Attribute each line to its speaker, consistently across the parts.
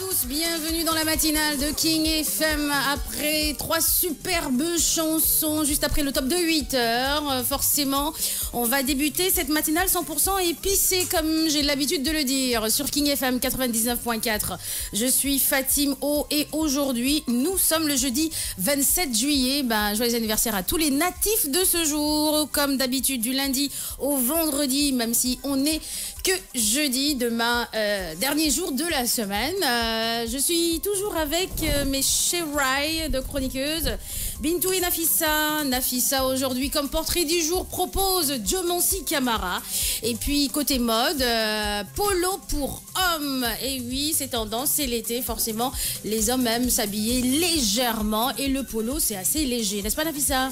Speaker 1: tous, bienvenue dans la matinale de King FM après trois superbes chansons juste après le top de 8 heures. Euh, forcément, on va débuter cette matinale 100% épicée comme j'ai l'habitude de le dire sur King FM 99.4. Je suis Fatim O et aujourd'hui, nous sommes le jeudi 27 juillet. Ben, joyeux anniversaire à tous les natifs de ce jour comme d'habitude du lundi au vendredi même si on est que jeudi, demain, euh, dernier jour de la semaine. Euh, je suis toujours avec euh, mes chérailles de chroniqueuses, Bintou et Nafissa. Nafissa aujourd'hui comme portrait du jour propose Diomancy Camara. Et puis côté mode, polo pour hommes. Et oui, c'est tendance, c'est l'été, forcément. Les hommes aiment s'habiller légèrement et le polo c'est assez léger, n'est-ce pas Nafissa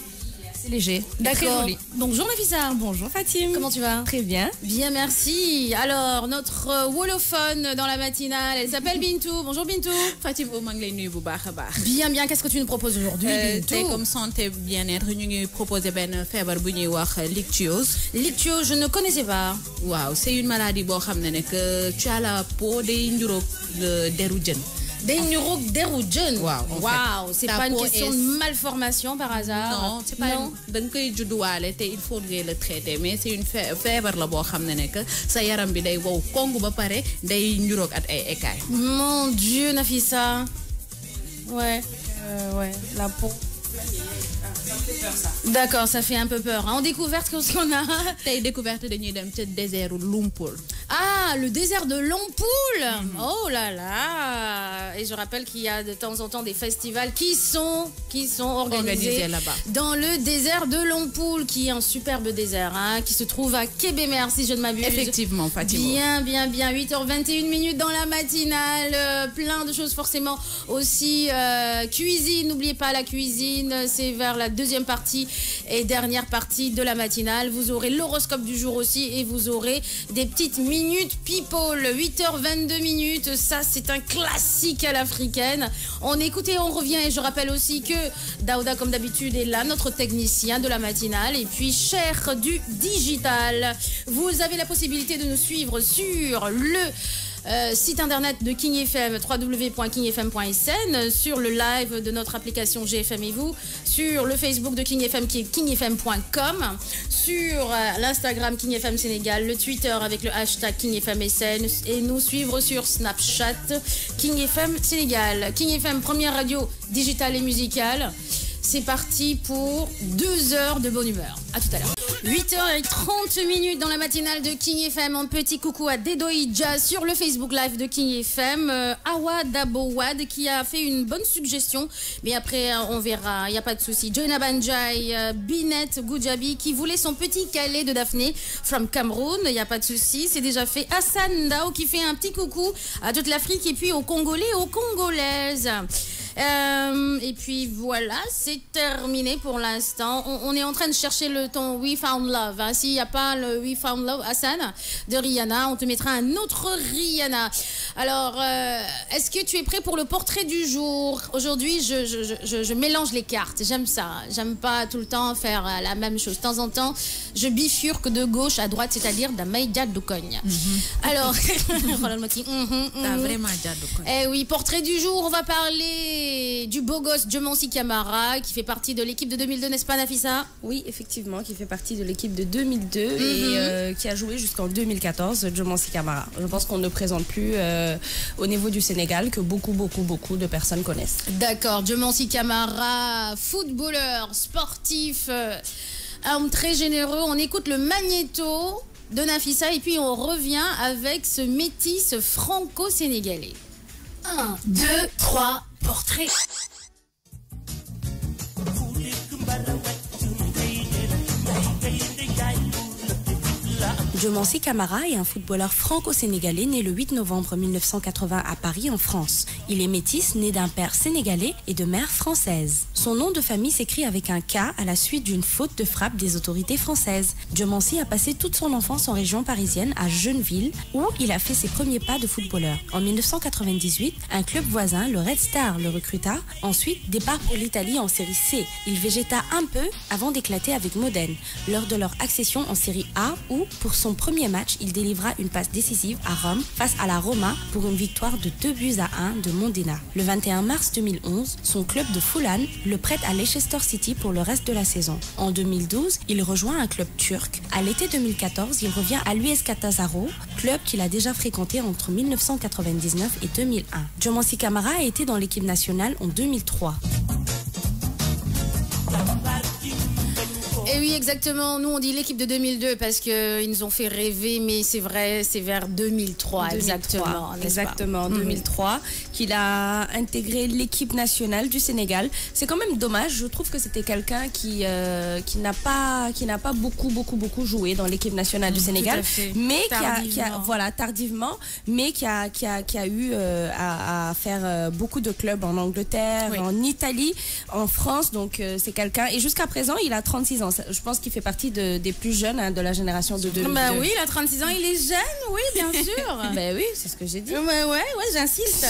Speaker 1: léger. D'accord. Donc, Bonjour Nafisa. Bonjour Fatim. Comment tu vas Très bien. Bien, merci. Alors, notre euh, wolofone dans la matinale, elle s'appelle Bintou. Bonjour Bintou. Fatim Omanglenu Bien, bien. Qu'est-ce que tu nous proposes aujourd'hui euh, Bintou comme
Speaker 2: santé, bien-être, nous nous proposons ben euh, faire bu ñuy wax lictiose. Lictiose, je ne connaissais pas. Waouh, c'est une maladie bo que tu as la peau des ndurok
Speaker 1: deru jeune. Des neuroderujon. Wow. Wow. C'est pas une question de malformation
Speaker 2: par hasard. Non, c'est pas non. une. dañ koy judduwaale te il faudrait le traiter mais c'est une fièvre la boo xam ne nekk sa yaram bi day wow kongu ba pare day ñuroog at ay écailles.
Speaker 1: Mon Dieu, Nafisa. Ouais. Euh, ouais. La peau. D'accord, ça fait un peu peur. En hein. découverte, qu'est-ce qu'on a T'as découverte de petit désert de Lompoul. Ah, le désert de Lompoul mhm. Oh là là Et je rappelle qu'il y a de temps en temps des festivals qui sont, qui sont organisés, là-bas. Dans le désert de Lompoul, qui est un superbe désert, hein, qui se trouve à Kébémer, si je ne m'abuse. Effectivement, Fatima. Bien, bien, bien. 8h21 minutes dans la matinale. Euh, plein de choses forcément aussi. Euh, cuisine, n'oubliez pas la cuisine, c'est vers la deuxième partie et dernière partie de la matinale. Vous aurez l'horoscope du jour aussi et vous aurez des petites minutes people. 8h22 minutes, ça c'est un classique à l'africaine. On écoute et on revient et je rappelle aussi que Daouda comme d'habitude est là, notre technicien de la matinale et puis cher du digital. Vous avez la possibilité de nous suivre sur le euh, site internet de kingfm FM, www.kingfm.sn, sur le live de notre application GFM et vous, sur le Facebook de King qui est kingfm.com, sur euh, l'Instagram kingfm Sénégal, le Twitter avec le hashtag KingFMSN et nous suivre sur Snapchat King Sénégal. King FM, première radio digitale et musicale. C'est parti pour deux heures de bonne humeur. À tout à l'heure. 8h30 minutes dans la matinale de King FM. Un petit coucou à Dedoïja sur le Facebook Live de King FM. Euh, Awa Dabowad qui a fait une bonne suggestion. Mais après, euh, on verra. Il n'y a pas de souci. Joyna Banjai, euh, Binet Binette Gujabi qui voulait son petit calais de Daphné from Cameroun. Il n'y a pas de souci. C'est déjà fait. Hassan Dao qui fait un petit coucou à toute l'Afrique et puis aux Congolais, aux Congolaises. Euh, et puis voilà, c'est terminé pour l'instant. On, est en train de chercher le ton We Found Love. Hein. S'il n'y a pas le We Found Love, Hassan, de Rihanna, on te mettra un autre Rihanna. Alors, euh, est-ce que tu es prêt pour le portrait du jour Aujourd'hui, je, mélange les cartes. J'aime ça. J'aime pas tout le temps faire euh, la même chose. De temps en temps, je bifurque de gauche à droite, c'est-à-dire d'un Doukogne. Mhm. Alors, mm -hmm, vraiment Eh oui, portrait du jour, on va parler du beau gosse si Camara qui fait partie de l'équipe
Speaker 3: de 2002, n'est-ce pas Nafissa Oui, effectivement, qui fait partie de l'équipe de 2002 et mhm. euh, qui a joué jusqu'en 2014, si Camara. Je pense qu'on ne présente plus euh, au niveau du Sénégal que beaucoup, beaucoup, beaucoup de personnes connaissent. D'accord, si Camara, footballeur,
Speaker 1: sportif, euh, homme très généreux. On écoute le magnéto de Nafissa et puis on revient avec ce métis franco-sénégalais. 1, 2, 3, portrait
Speaker 3: Diomansi Camara est un footballeur franco-sénégalais né le 8 novembre 1980 à Paris en France. Il est métis, né d'un père sénégalais et de mère française. Son nom de famille s'écrit avec un K à la suite d'une faute de frappe des autorités françaises. Diomansi a passé toute son enfance en région parisienne à Geneville où il a fait ses premiers pas de footballeur. En 1998, un club voisin, le Red Star, le recruta. Ensuite, départ pour l'Italie en série C. Il végéta un peu avant d'éclater avec Modène lors de leur accession en série A ou pour son son premier match, il délivra une passe décisive à Rome face à la Roma pour une victoire de 2 buts à 1 de Mondena. Le 21 mars 2011, son club de Fulham le prête à Leicester City pour le reste de la saison. En 2012, il rejoint un club turc. À l'été 2014, il revient à l'US Catazaro, club qu'il a déjà fréquenté entre 1999 et 2001. Djomansi Camara a été dans l'équipe nationale en 2003.
Speaker 1: Eh oui, exactement. Nous, on dit l'équipe de 2002 parce qu'ils nous ont fait
Speaker 3: rêver, mais c'est vrai, c'est vers 2003, exactement. Exactement, 2003, mhm. qu'il a intégré l'équipe nationale du Sénégal. C'est quand même dommage. Je trouve que c'était quelqu'un qui, euh, qui n'a pas, qui n'a pas beaucoup, beaucoup, beaucoup joué dans l'équipe nationale du mhm, Sénégal, mais qui a, voilà, tardivement, mais qui a, qui a, qui a eu euh, à, faire euh, beaucoup de clubs en Angleterre, en Italie, en France. Donc, c'est quelqu'un. Et jusqu'à présent, il a 36 ans je pense qu'il fait partie des plus jeunes hein, de la génération de 2000. Bah ben oui, il a 36 ans, il est jeune, oui, bien sûr. bah oui, c'est ce que j'ai dit. Ouais, ouais, ouais j'insiste.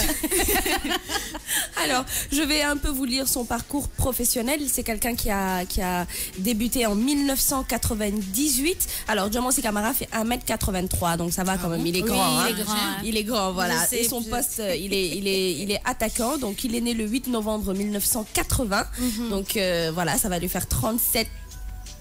Speaker 3: Alors, je vais un peu vous lire son parcours professionnel. C'est quelqu'un qui a, qui a débuté en 1998. Alors, Diamant Camara fait 1m83, donc ça va ah quand même, il est grand. il, est hein. grand il est grand, voilà. c'est Et son poste, euh, il est, il, est, il est attaquant, donc il est né le 8 novembre 1980. Mm-hmm. Donc euh, voilà, ça va lui faire 37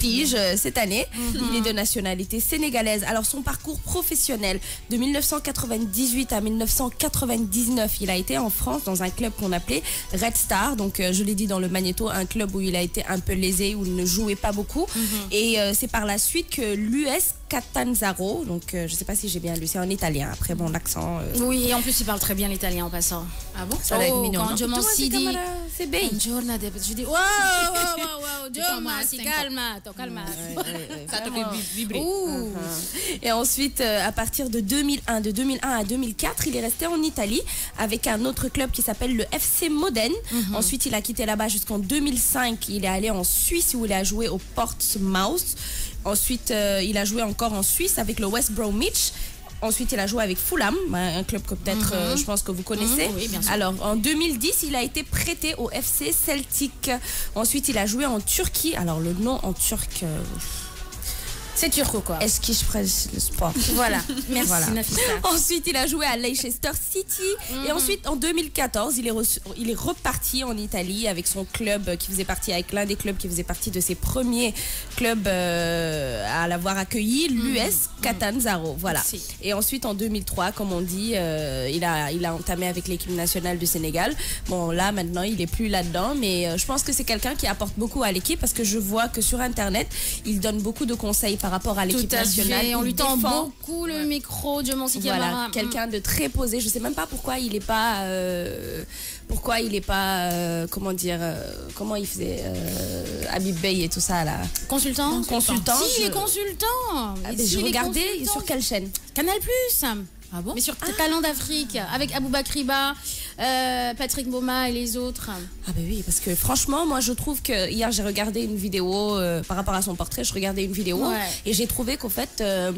Speaker 3: euh, cette année. Mm-hmm. Il est de nationalité sénégalaise. Alors son parcours professionnel de 1998 à 1999, il a été en France dans un club qu'on appelait Red Star. Donc euh, je l'ai dit dans le magnéto, un club où il a été un peu lésé, où il ne jouait pas beaucoup. Mm-hmm. Et euh, c'est par la suite que l'US Catanzaro. Donc, euh, je ne sais pas si j'ai bien lu. C'est en italien. Après, mon accent. Euh,
Speaker 1: oui, en plus, il parle très bien l'italien en passant. Ah bon oh, je C'est dis, calma, Ça te fait uh-huh.
Speaker 3: Et ensuite, euh, à partir de 2001, de 2001 à 2004, il est resté en Italie avec un autre club qui s'appelle le FC Modène. Mhm. Ensuite, il a quitté là-bas jusqu'en 2005. Il est allé en Suisse où il a joué au Portsmouth. Ensuite, euh, il a joué encore en Suisse avec le West Bromwich. Ensuite, il a joué avec Fulham, un club que peut-être, euh, mhm. je pense que vous connaissez. Mhm. Alors, en 2010, il a été prêté au FC Celtic. Ensuite, il a joué en Turquie. Alors, le nom en turc. Euh, c'est turco quoi. Est-ce qu'il je presse le sport Voilà, merci Ensuite, il a joué à Leicester City. Et mhm. ensuite, en 2014, il est, il est reparti en Italie avec son club qui faisait partie, avec l'un des clubs qui faisait partie de ses premiers clubs euh, à l'avoir accueilli, mhm. l'US mhm. Catanzaro. Voilà. Et ensuite, en 2003, comme on dit, euh, il, a, il a entamé avec l'équipe nationale du Sénégal. Bon, là, maintenant, il est plus là-dedans, mais euh, je pense que c'est quelqu'un qui apporte beaucoup à l'équipe parce que je vois que sur Internet, il donne beaucoup de conseils par rapport à l'équipe nationale. On lui tend beaucoup le micro, Dieu m'en Voilà, mm. quelqu'un de très posé. Je ne sais même pas pourquoi il est pas, euh, pourquoi il est pas, euh, comment dire, euh, comment il faisait Habib Bey et tout ça là. Consultant. Consultant. Si, il est
Speaker 1: consultant. Ah, je regardais sur quelle chaîne Canal Plus. Ah bon Mais sur ah. Talent d'Afrique, avec Abou Bakriba, euh, Patrick Boma et les autres.
Speaker 3: Ah ben oui, parce que franchement, moi je trouve que hier j'ai regardé une vidéo euh, par rapport à son portrait, je regardais une vidéo et j'ai trouvé qu'en fait... Euh,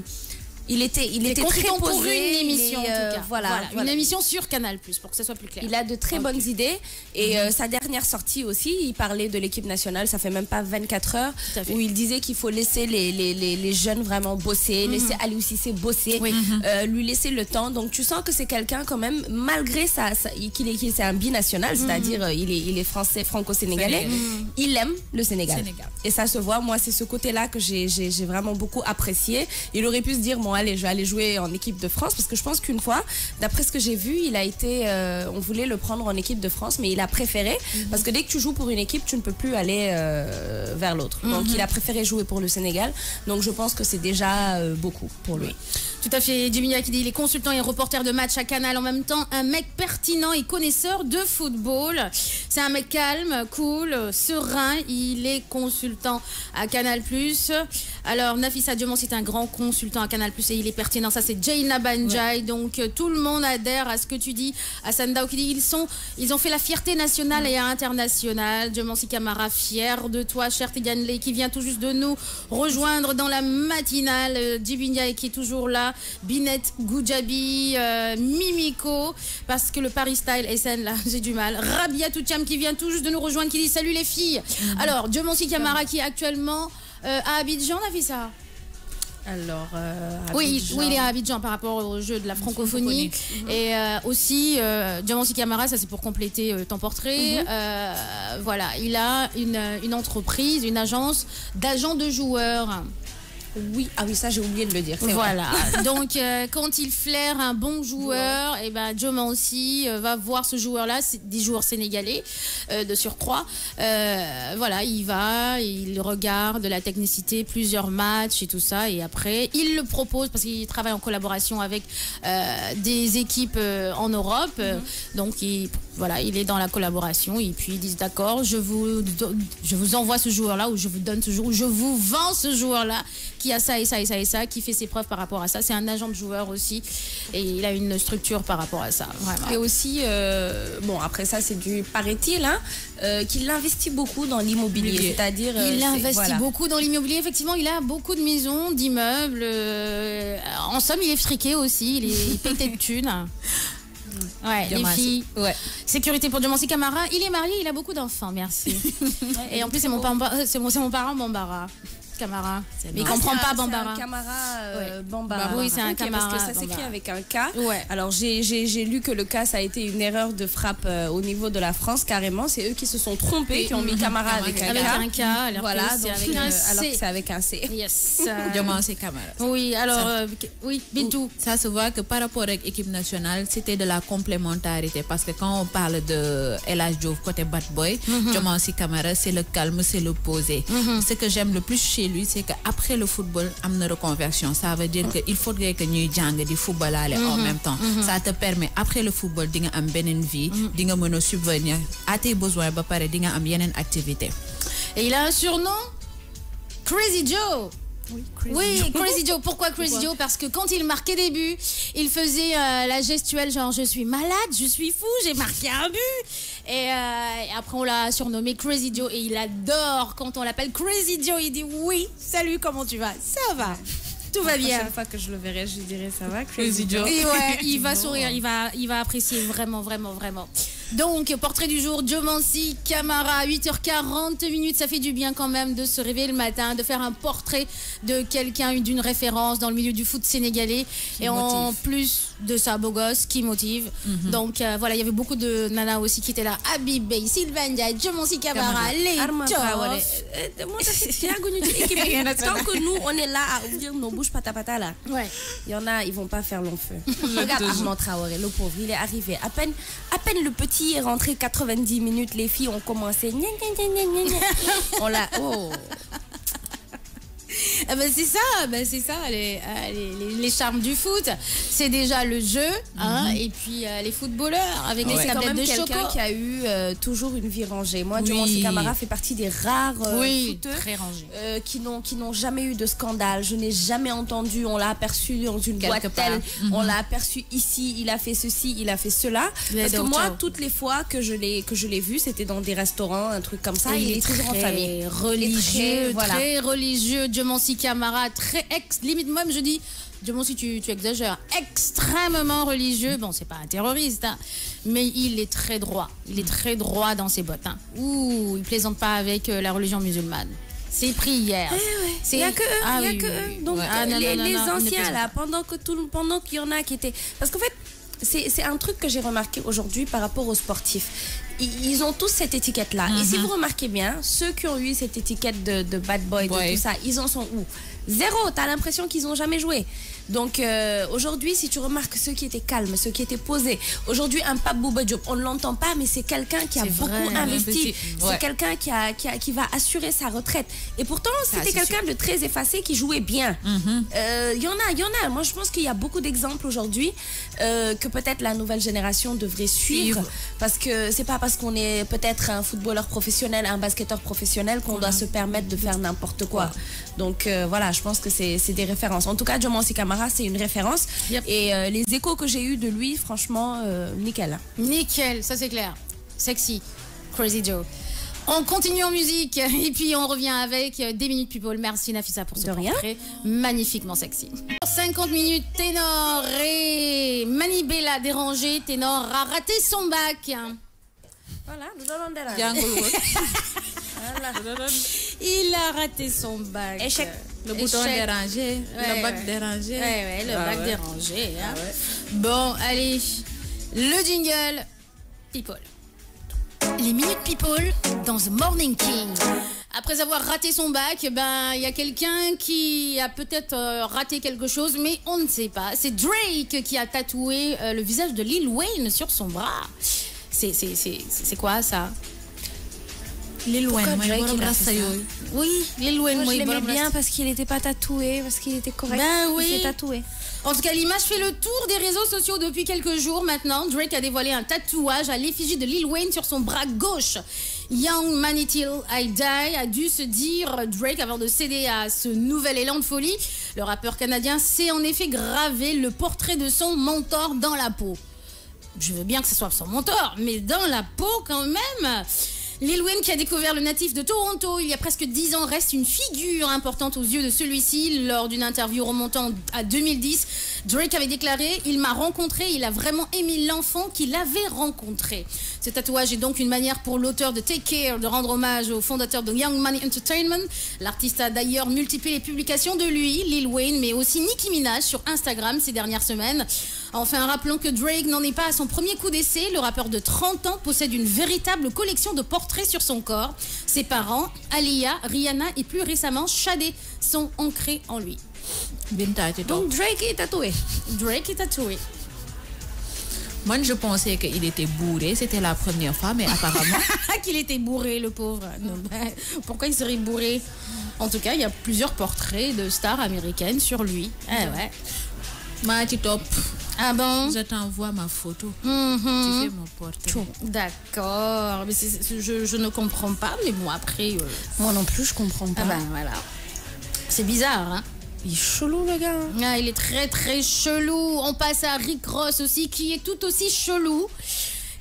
Speaker 3: il était, il était très posé. pour une émission, en tout euh, cas. Voilà, Une émission sur Canal+, pour que ce soit plus clair. Il a de très bonnes idées. Et mhm. euh, sa dernière sortie aussi, il parlait de l'équipe nationale, ça fait même pas 24 heures, où il disait qu'il faut laisser les, les, les, jeunes vraiment bosser, mmh. laisser aussi bosser, euh, mhm. lui laisser le temps. Donc tu sens que c'est quelqu'un quand même, malgré ça, qu'il est, c'est un binational, mhm. c'est-à-dire il, est, il est français, franco-sénégalais, il aime le Sénégal. Sénégal. Et ça se voit, moi c'est ce côté-là que j'ai vraiment beaucoup apprécié. Il aurait pu se dire, moi, je vais aller jouer en équipe de France parce que je pense qu'une fois, d'après ce que j'ai vu, il a été, euh, on voulait le prendre en équipe de France, mais il a préféré mhm. parce que dès que tu joues pour une équipe, tu ne peux plus aller euh, vers l'autre. Donc mhm. il a préféré jouer pour le Sénégal. Donc je pense que c'est déjà euh, beaucoup pour lui.
Speaker 1: Tout à fait, Jimmy qui dit il est consultant et reporter de match à Canal en même temps, un mec pertinent et connaisseur de football. C'est un mec calme, cool, serein, il est consultant à Canal+. Alors Nafisa Diomansi c'est un grand consultant à Canal+ et il est pertinent, ça c'est Jaina Banjai. Donc euh, tout le monde adhère à ce que tu dis. à Sandow. qui dit ils sont ils ont fait la fierté nationale et internationale. Diomansi Camara fier de toi, cher Tiganley, qui vient tout juste de nous rejoindre dans la matinale, euh, Djibinia qui est toujours là. Binette Goudjabi, euh, Mimiko, parce que le Paris Style SN, là, j'ai du mal. Rabia Toucham qui vient tout juste de nous rejoindre, qui dit salut les filles. Mhm. Alors, Dieu Camara qui est actuellement euh, à Abidjan, on a ça
Speaker 3: alors, euh, oui, il est à
Speaker 1: Abidjan par rapport au jeu de la francophonie. Mhm. Et aussi, euh, Diamanti Camara, ça c'est pour compléter ton portrait. Mhm. voilà, il a une, une entreprise, une agence d'agents de joueurs. Oui, ah oui, ça j'ai oublié de le dire. Voilà. Donc euh, quand il flaire un bon joueur, et eh ben Joma aussi euh, va voir ce joueur-là, des joueurs sénégalais euh, de surcroît. voilà, il va, il regarde la technicité, plusieurs matchs et tout ça, et après il le propose parce qu'il travaille en collaboration avec des équipes en Europe, mm-hmm. donc il voilà, il est dans la collaboration et puis ils disent d'accord, je vous, je vous envoie ce joueur-là ou je vous donne ce joueur, ou je vous vends ce joueur-là qui a ça et ça et ça et ça, qui fait ses preuves par rapport à
Speaker 3: ça. C'est un agent de joueur aussi et il a une structure par
Speaker 1: rapport à ça. Et
Speaker 3: aussi, euh, bon, après ça, c'est du, paraît-il, hein, euh, qu'il investit beaucoup dans l'immobilier. C'est-à-dire. Euh, il investit beaucoup
Speaker 1: dans l'immobilier. Effectivement, il a beaucoup de maisons, d'immeubles. en somme, il est friqué aussi, il est pété de thunes. Ouais, les filles. Ouais. Sécurité pour Diamansi Camara. Il est marié, il a beaucoup d'enfants, merci. et en plus, c'est mon, euh,
Speaker 3: mon, parent Bambara. Camara. Mais il comprend pas Bambara. Euh, bah oui, c'est un Camara. Parce que ça s'écrit avec un K. Alors j'ai lu que le K, ça a été une erreur de frappe euh, au niveau de la France, carrément. C'est eux qui se sont trompés, qui ont mis Camara avec un K. Avec un K, euh, voilà, alors c'est avec un
Speaker 1: C. Yes.
Speaker 2: c'est
Speaker 3: Camara. Oui, alors,
Speaker 2: oui, Bintou. Ça se voit que par rapport à l'équipe nationale, c'était de la complémentarité. Parce que quand on parle de LH Diouf côté Bad Boy, mhm. Diamansi Camara, c'est le calme, c'est le posé. Mhm. Ce que j'aime le plus chez lui c'est qu'après le football a une reconversion ça veut dire que il faudrait que nous jouions du football en mhm. même temps mhm. ça te permet après le football d'avoir une vie mhm. d'avoir nga à tes besoins d'avoir une activité
Speaker 1: et il a un surnom Crazy Joe oui, Crazy, Joe. Pourquoi Crazy Joe Parce que quand il marquait des buts, il faisait euh, la gestuelle genre je suis malade, je suis fou, j'ai marqué un but. Euh, et, après on l'a surnommé Crazy Joe et il adore quand on l'appelle Crazy Joe. Il dit oui, salut, comment tu vas Ça va. Tout va bien. La prochaine
Speaker 3: fois que je le verrai, je lui dirai ça va, Crazy Joe. Et ouais, il va
Speaker 1: sourire, il va, il va apprécier vraiment, vraiment, vraiment. Donc, portrait du jour, Djomansi Camara, 8h40 minutes. Ça fait du bien quand même de se réveiller le matin, de faire un portrait de quelqu'un, d'une référence dans le milieu du foot sénégalais. Et en plus, de ça beau gosse qui motive. Mhm. Donc euh, voilà, il y avait beaucoup de nanas aussi qui étaient là. Abibé, Sylvania, Diomonsi Camara, les euh,
Speaker 3: Tant que nous, on est là à ouvrir nos bouches patapata là. Ouais. Il y en a, ils vont pas faire long feu. Regarde Armand Traoré, le pauvre, il est arrivé. À peine, à peine le petit est rentré 90 minutes, les filles ont commencé. on l'a. Oh. Ah ben, c'est ça, ben, c'est ça, euh, les, les, charmes du foot. C'est déjà le jeu, hein, mhm. et
Speaker 1: puis euh, les footballeurs avec ouais. les de quelqu'un qui a
Speaker 3: eu euh, toujours une vie rangée. Moi, Dumont Camara fait partie des rares euh, oui, n'ont qui n'ont jamais eu de scandale. Je n'ai jamais entendu, on l'a aperçu dans une Quelque boîte mhm. on l'a aperçu ici, il a fait ceci, il a fait cela. Parce que moi, toutes les fois que je l'ai que je l'ai vu, c'était dans des restaurants, un truc comme ça. il, est, toujours en famille, religieux, très, voilà. très religieux. Mon si Camara, très ex, limite même je dis, mon
Speaker 1: si tu, tu exagères, extrêmement religieux. Bon, c'est pas un terroriste, hein, mais il est très droit. Il est très droit dans ses bottes. Hein. il plaisante pas avec euh, la religion musulmane. C'est prières c'est que les, anciens là,
Speaker 3: pendant que tout, pendant qu'il y en a qui étaient, parce qu'en fait, c'est un truc que j'ai remarqué aujourd'hui par rapport aux sportifs ils ont tous cette étiquette-là. Et si mhm. vous remarquez bien, ceux qui ont eu cette étiquette de, bad boy, de tout ça, ils en sont où Zéro, t'as l'impression qu'ils n'ont jamais joué. Donc euh, aujourd'hui, si tu remarques ceux qui étaient calmes, ceux qui étaient posés, aujourd'hui un pape Bouba Diop, on ne l'entend pas, mais c'est quelqu'un qui a beaucoup investi, c'est quelqu'un qui, a, qui, va assurer sa retraite. Et pourtant, c'était quelqu'un de très effacé qui jouait bien. Il mhm. euh, y en a, il y en a. Moi, je pense qu'il y a beaucoup d'exemples aujourd'hui euh, que peut-être la nouvelle génération devrait suivre, parce que c'est pas parce qu'on est peut-être un footballeur professionnel, un basketteur professionnel qu'on doit se permettre de faire n'importe quoi. Donc voilà, je pense que c'est des références. En tout cas, Diomansi Camara c'est une référence. Et euh, les échos que j'ai eu de lui, franchement, euh, nickel. Hein. Nickel,
Speaker 1: ça c'est clair. Sexy. Crazy Joe. On continue en musique et puis on revient avec euh, des minutes people. Merci Nafisa pour ce de rien. magnifiquement sexy. 50 minutes ténor et la dérangé, ténor a raté son bac.
Speaker 3: Voilà, nous allons
Speaker 1: Il a raté son bac. Échec le bouton dérangé, le bac dérangé. Ouais, le ah bac dérangé. Hein. Ah bon, allez, le jingle People. Les minutes People dans The Morning King. Après avoir raté son bac, ben il y a quelqu'un qui a peut-être euh, raté quelque chose, mais on ne sait pas. C'est Drake qui a tatoué euh, le visage de Lil Wayne sur son bras. C'est quoi ça
Speaker 3: Lil Wayne, Oui, Lil Wayne, je l'aimais bien parce qu'il n'était pas tatoué, parce qu'il était correct. Ben oui. tatoué. En tout cas,
Speaker 1: l'image fait le tour des réseaux sociaux depuis quelques jours maintenant. Drake a dévoilé un tatouage à l'effigie de Lil Wayne sur son bras gauche. Young Manitil I Die a dû se dire Drake avant de céder à ce nouvel élan de folie. Le rappeur canadien s'est en effet gravé le portrait de son mentor dans la peau. Je veux bien que ce soit son mentor, mais dans la peau quand même. Lil Wayne, qui a découvert le natif de Toronto il y a presque 10 ans, reste une figure importante aux yeux de celui-ci. Lors d'une interview remontant à 2010, Drake avait déclaré Il m'a rencontré, il a vraiment aimé l'enfant qu'il avait rencontré. Ce tatouage est donc une manière pour l'auteur de Take Care de rendre hommage au fondateur de Young Money Entertainment. L'artiste a d'ailleurs multiplié les publications de lui, Lil Wayne, mais aussi Nicki Minaj sur Instagram ces dernières semaines. Enfin, rappelons que Drake n'en est pas à son premier coup d'essai. Le rappeur de 30 ans possède une véritable collection de portraits sur son corps. Ses parents, Alia, Rihanna et plus récemment Shadé, sont ancrés en lui. Donc Drake est tatoué. Drake est tatoué. Moi, je pensais qu'il était bourré.
Speaker 2: C'était la première fois, mais apparemment.
Speaker 1: qu'il était bourré, le pauvre. pourquoi il serait bourré En tout cas, il y a plusieurs portraits de stars américaines sur lui. Eh ouais, ouais. Mati top. Ah bon Je t'envoie ma photo. Mm-hmm. Tu fais mon portrait. D'accord. Je, je, ne comprends pas, mais bon, après. Euh, Moi non
Speaker 3: plus, je comprends pas. Ah ben
Speaker 1: voilà. C'est bizarre, hein il est chelou le gars. Ah, il est très très chelou. On passe à Rick Ross aussi qui est tout aussi chelou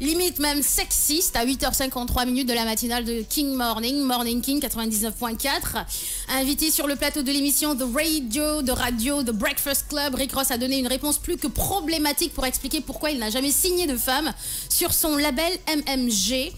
Speaker 1: limite même sexiste à 8h53 minutes de la matinale de King Morning, Morning King 99.4. Invité sur le plateau de l'émission The Radio, The Radio, The Breakfast Club, Rick Ross a donné une réponse plus que problématique pour expliquer pourquoi il n'a jamais signé de femme sur son label MMG.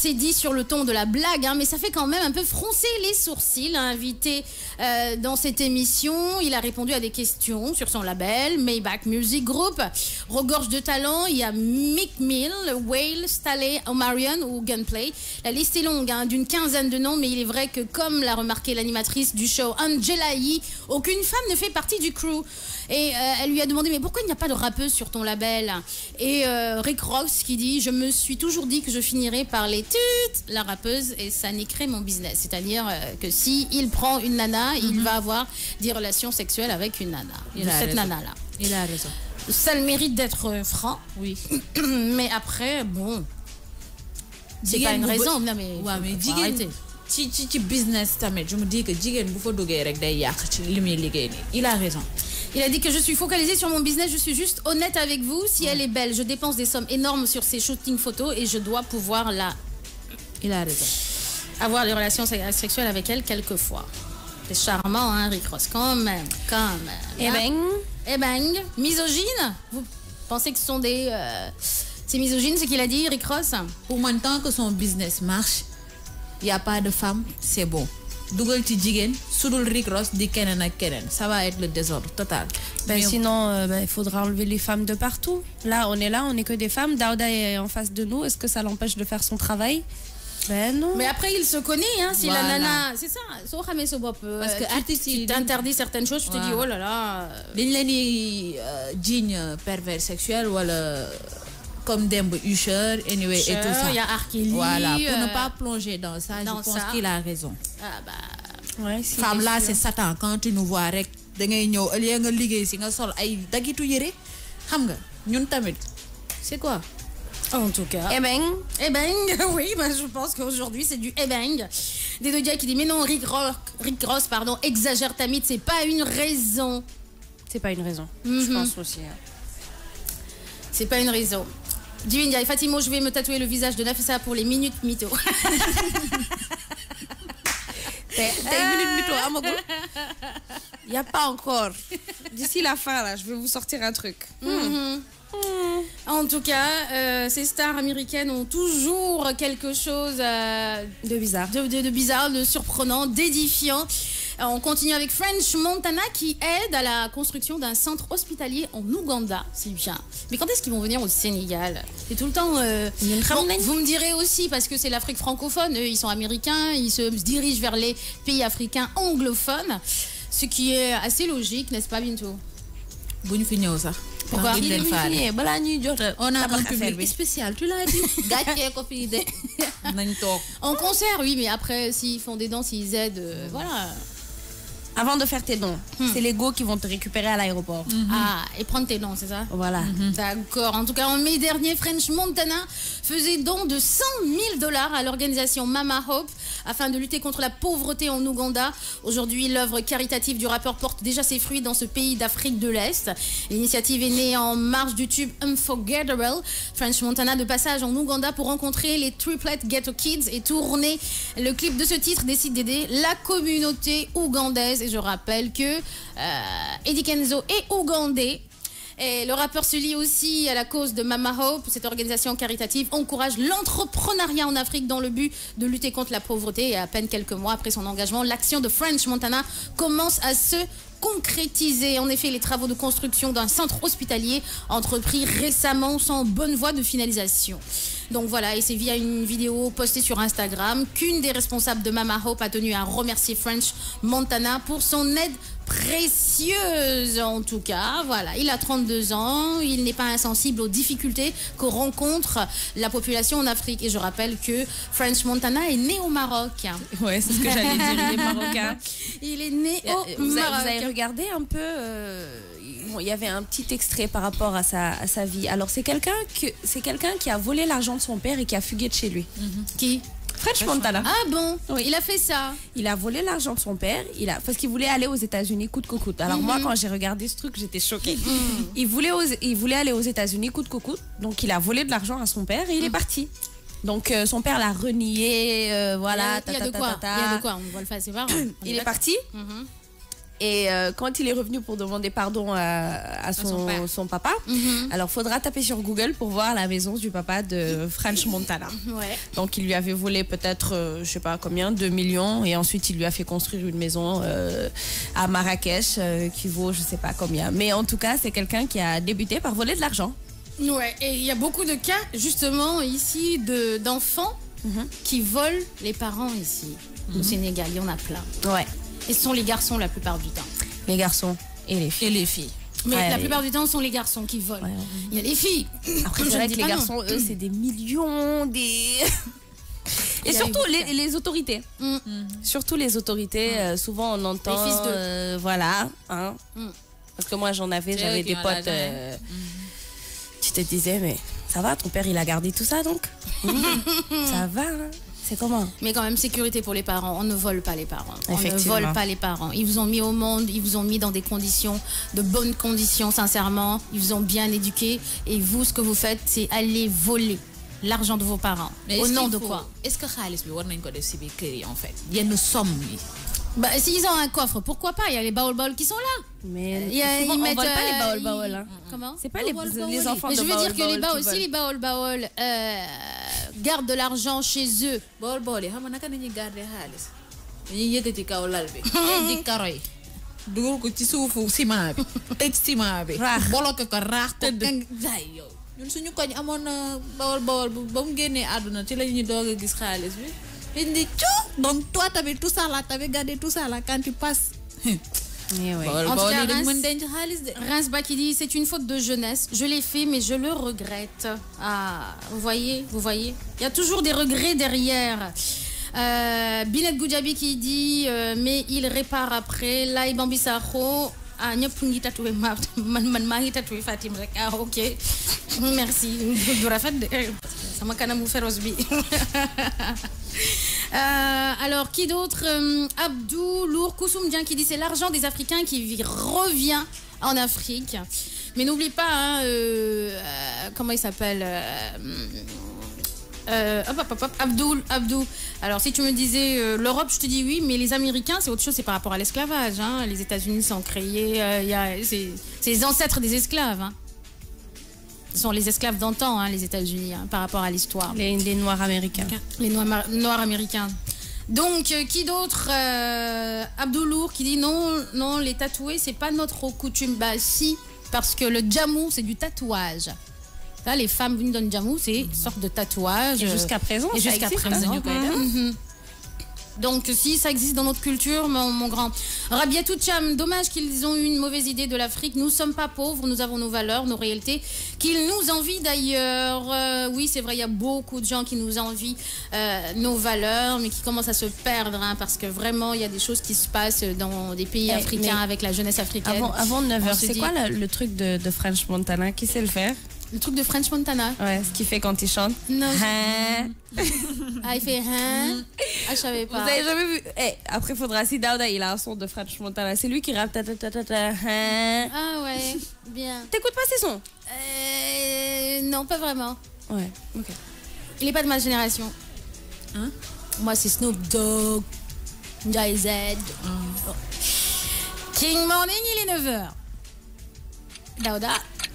Speaker 1: C'est dit sur le ton de la blague, hein, mais ça fait quand même un peu froncer les sourcils. Hein, invité euh, dans cette émission, il a répondu à des questions sur son label, Maybach Music Group. Regorge de talent, il y a Mick Mill, Whale, Staley, Omarion ou Gunplay. La liste est longue, hein, d'une quinzaine de noms, mais il est vrai que, comme l'a remarqué l'animatrice du show Angela Yee, aucune femme ne fait partie du crew. Et euh, elle lui a demandé Mais pourquoi il n'y a pas de rappeuse sur ton label Et euh, Rick Ross qui dit Je me suis toujours dit que je finirais par les la rappeuse, et ça niquerait mon business. C'est-à-dire euh, que si il prend une nana, il mhm. va avoir des relations sexuelles avec une nana. Il cette nana-là. Il a raison. Ça le mérite d'être franc. Oui. mais après, bon. C'est pas une raison. Non, mais. Ouais, mais business je me dis que Jigen, rek il a raison il a dit que je suis focalisée sur mon business, je suis juste honnête avec vous. Si elle est belle, je dépense des sommes énormes sur ses shootings photos et je dois pouvoir la. Il a raison. Avoir des relations sexuelles avec elle quelquefois. C'est charmant, hein, Rick Ross, quand même, quand même. Et eh hein. bang. Et eh bang. Misogyne Vous pensez que ce sont des. Euh, c'est misogyne ce qu'il a dit, Rick Ross Pour moi, que son business marche, il n'y a pas de femme, c'est bon
Speaker 3: ci sudul di kenen ak kenen ça va être le désordre total. Ben sinon euh, ben, il faudra enlever les femmes de partout là on est là on est que des femmes Daouda est en face de nous est-ce que ça l'empêche de faire son travail. Ben non. Mais après, il se connaît, hein, si la nana.
Speaker 1: C'est ça, euh, Parce que artiste, t'interdit certaines choses, tu te dis, oh là là. Euh.
Speaker 2: digne, pervers sexuel ou voilà comme Dembe Usher, Anyway et tout ça. Il y a Arkeli, Voilà, pour ne euh, pas plonger dans ça, je pense qu'il a raison. Ah bah. Ouais, Femme là, c'est Satan. Quand tu nous vois, rek, da ngay ñëw ëllëg nga ligue si nga sol ay
Speaker 1: est xam tamit c'est quoi. En tout cas. Eh ben, eh ben, oui, ben, je pense qu'aujourd'hui c'est du eh ben. gars qui dit mais non, Rick, Rock, Rick Ross, pardon, exagère ta mythe, c'est pas une raison. C'est pas une raison, mm-hmm. je pense aussi. Hein. C'est pas une raison. Divine Fatimo, je vais me tatouer le visage de Nafissa pour les minutes mytho. Hein, il n'y a pas encore. D'ici la fin, là, je vais vous
Speaker 3: sortir un truc.
Speaker 1: Mm-hmm. Mm. En tout cas, euh, ces stars américaines ont toujours quelque chose euh, de bizarre, de, bizarre, de surprenant, d'édifiant. Euh, on continue avec French Montana qui aide à la construction d'un centre hospitalier en Ouganda. C'est bien. Mais quand est-ce qu'ils vont venir au Sénégal C'est tout le temps. Euh, vous me direz aussi, parce que c'est l'Afrique francophone, eux, ils sont américains, ils se dirigent vers les pays africains anglophones, ce qui est assez logique, n'est-ce pas, Bintou Bonne
Speaker 2: finir ça. Pourquoi euh, On a un public
Speaker 1: spécial, tu l'as dit. En concert, oui, mais après, s'ils font des danses, ils aident. voilà
Speaker 3: avant de faire tes dons. Hmm. C'est les go qui
Speaker 1: vont te récupérer à l'aéroport. Mhm. Ah. ah, et prendre tes dons, c'est ça Voilà. Mhm. Mhm. D'accord. En tout cas, en mai dernier, French Montana faisait don de 100 000 dollars à l'organisation Mama Hope afin de lutter contre la pauvreté en Ouganda. Aujourd'hui, l'œuvre caritative du rappeur porte déjà ses fruits dans ce pays d'Afrique de l'Est. L'initiative est née en marge du tube Unforgettable. French Montana de passage en Ouganda pour rencontrer les Triplet Ghetto Kids et tourner le clip de ce titre décide d'aider la communauté ougandaise. Je rappelle que euh, Eddie Kenzo est ougandais. Et le rappeur se lie aussi à la cause de Mama Hope. Cette organisation caritative encourage l'entrepreneuriat en Afrique dans le but de lutter contre la pauvreté. Et à peine quelques mois après son engagement, l'action de French Montana commence à se concrétiser. En effet, les travaux de construction d'un centre hospitalier entrepris récemment sont en bonne voie de finalisation. Donc voilà, et c'est via une vidéo postée sur Instagram qu'une des responsables de Mama Hope a tenu à remercier French Montana pour son aide précieuse en tout cas. Voilà, il a 32 ans, il n'est pas insensible aux difficultés que rencontre la population en Afrique. Et je rappelle que French Montana est né au Maroc.
Speaker 3: Ouais, c'est ce que j'allais dire, il est
Speaker 1: marocain. Il est né au Maroc. Avez, vous avez regardé
Speaker 3: un peu euh, il y avait un petit extrait par rapport à sa, vie. Alors, c'est quelqu'un que, c'est qui a volé l'argent de son père et qui a fugué de chez lui. Mhm. Qui French Montana. Ah bon Il a fait ça. Il a volé l'argent de son père. Il a parce qu'il voulait aller aux États-Unis coûte que coûte. Alors moi, mhm. quand j'ai regardé ce truc, j'étais choquée. Mhm. Il voulait il voulait aller aux États-Unis coûte que coûte. Donc il a volé de l'argent à son père et il est parti. Donc euh, son père l'a renié. Euh, voilà. Il y a de quoi. Il
Speaker 1: On voit le faire, C'est
Speaker 3: Il est parti. Et euh, quand il est revenu pour demander pardon à, son, son, papa, mhm. alors faudra taper sur Google pour voir la maison du papa de French Montana. Donc il lui avait volé peut-être, je euh, je sais pas combien, 2 millions. Et ensuite il lui a fait construire une maison euh, à Marrakech qui vaut je sais pas combien. Mais en tout cas, c'est quelqu'un qui a débuté par voler de l'argent.
Speaker 1: Ouais, et il y a beaucoup de cas justement ici d'enfants de, mhm. qui volent les parents ici. Au mhm. Sénégal, il y en a plein. Ouais. Et ce sont les garçons la plupart du temps.
Speaker 3: Les garçons et les filles. les filles. Mais la plupart du temps, ce sont les garçons qui volent. Il y a les filles. Après, c'est les garçons, eux, c'est des millions, des. Et mm. Mm. surtout les, autorités. Surtout les autorités. Euh, souvent, on entend. Les fils de... Euh, voilà. Hein. Mm. Parce que moi, j'en avais, eh j'avais des potes. Euh, tu te disais, mais ça va, ton père, il a gardé tout ça donc
Speaker 1: Ça va, hein. C'est comment Mais quand même, sécurité pour les parents. On ne vole pas les parents. On ne vole pas les parents. Ils vous ont mis au monde, ils vous ont mis dans des conditions, de bonnes conditions, sincèrement. Ils vous ont bien éduqué. Et vous, ce que vous faites, c'est aller voler l'argent de vos parents. Mais au nom de quoi
Speaker 2: Est-ce que Khalis, en fait Il y a une
Speaker 1: somme. Bah, s'ils ont un coffre, pourquoi pas Il y a les baol baol qui sont là. Mais mettent, on pas les euh, baol baol. Hein. Comment C'est pas ah, les, les enfants. Mais je veux dire que les aussi les euh, gardent de l'argent chez eux. Baol baol, eh, ils hamana ils gardent halis. Ils
Speaker 2: l'argent chez eux. Ils karoy. Dugal ko ci soufu ciment bi. Tej ciment bi. ko ne ko zay yow. Ñun suñu koñ pas bam aduna ci gis bi. Donc toi, tu avais tout ça là, tu avais gardé tout
Speaker 1: ça là. Quand tu passes.
Speaker 2: Eh en tout
Speaker 1: cas, dit c'est une faute de jeunesse. Je l'ai fait, mais je le regrette. Ah, vous voyez, vous voyez. Il y a toujours des regrets derrière. Euh, Binet Goudjabi qui dit euh, mais il répare après. Laï Bambisaro, ah ñëpp ngi tatoué ma man man maa ngi tatoué Fatim rek ah ok merci du rafet de sama kanamu féroce bi euh, alors qui d'autre euh, Abdou Lour Koussoumdian qui dit c'est l'argent des Africains qui revient en Afrique mais n'oublie pas hein, euh, euh, comment il s'appelle euh, euh, hop, Alors, si tu me disais euh, l'Europe, je te dis oui, mais les Américains, c'est autre chose, c'est par rapport à l'esclavage. Hein. Les États-Unis sont créés, euh, c'est les ancêtres des esclaves. Hein. Ce sont les esclaves d'antan, hein, les États-Unis, par rapport à l'histoire. Les, Noirs américains. Les Noirs, américains. Donc, qui d'autre Abdoulour qui dit non, non, les tatoués, c'est pas notre coutume. Bah, si, parce que le jamou, c'est du tatouage les femmes c'est une sorte de tatouage. Euh, jusqu'à présent, et jusqu'à hein, mhm. Donc si ça existe dans notre culture, mon, grand. Rabia Toucham, dommage qu'ils ont eu une mauvaise idée de l'Afrique. Nous sommes pas pauvres, nous avons nos valeurs, nos réalités, qu'ils nous envient d'ailleurs. Euh, oui, c'est vrai, il y a beaucoup de gens qui nous envient euh, nos valeurs, mais qui commencent à se perdre, hein, parce que vraiment, il y a des choses qui se passent dans des pays eh, africains avec la jeunesse africaine. Avant, 9h, c'est quoi
Speaker 3: le, truc de French Montana Qui sait le faire le truc de French Montana. Ouais, ce qu'il fait quand il chante. Non. Hein.
Speaker 1: ah, il fait hein. Ah, je savais pas. Vous avez jamais vu
Speaker 3: Eh, Après, faudra si Dauda, il a un son de French Montana. C'est lui qui rappe hein. Ah
Speaker 1: ouais, bien. T'écoutes pas ses sons euh, Non, pas vraiment.
Speaker 3: Ouais, ok. Il est pas
Speaker 1: de ma génération. Hein Moi, c'est Snoop Dogg, Jay-Z. Ah. King Morning, il est 9h. Dauda...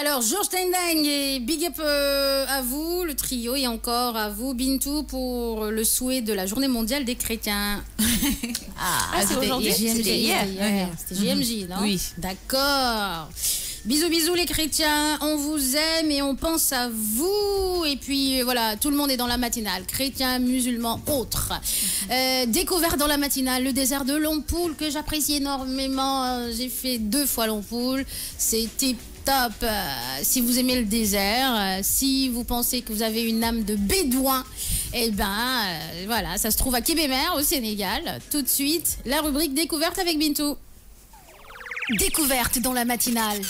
Speaker 1: Alors, Georges Tendang et big up euh, à vous, le trio, et encore à vous, Bintou, pour le souhait de la journée mondiale des chrétiens. ah, ah c'était aujourd'hui C'était hier. C'était non Oui. D'accord. Bisous, bisous les chrétiens, on vous aime et on pense à vous. Et puis voilà, tout le monde est dans la matinale, chrétiens, musulmans, autres. Euh, découvert dans la matinale le désert de Lompoul que j'apprécie énormément. Euh, j'ai fait deux fois Lompoul, c'était top. Euh, si vous aimez le désert, euh, si vous pensez que vous avez une âme de bédouin, eh ben euh, voilà, ça se trouve à Kébémer au Sénégal. Tout de suite, la rubrique découverte avec Bintou. Découverte dans la matinale.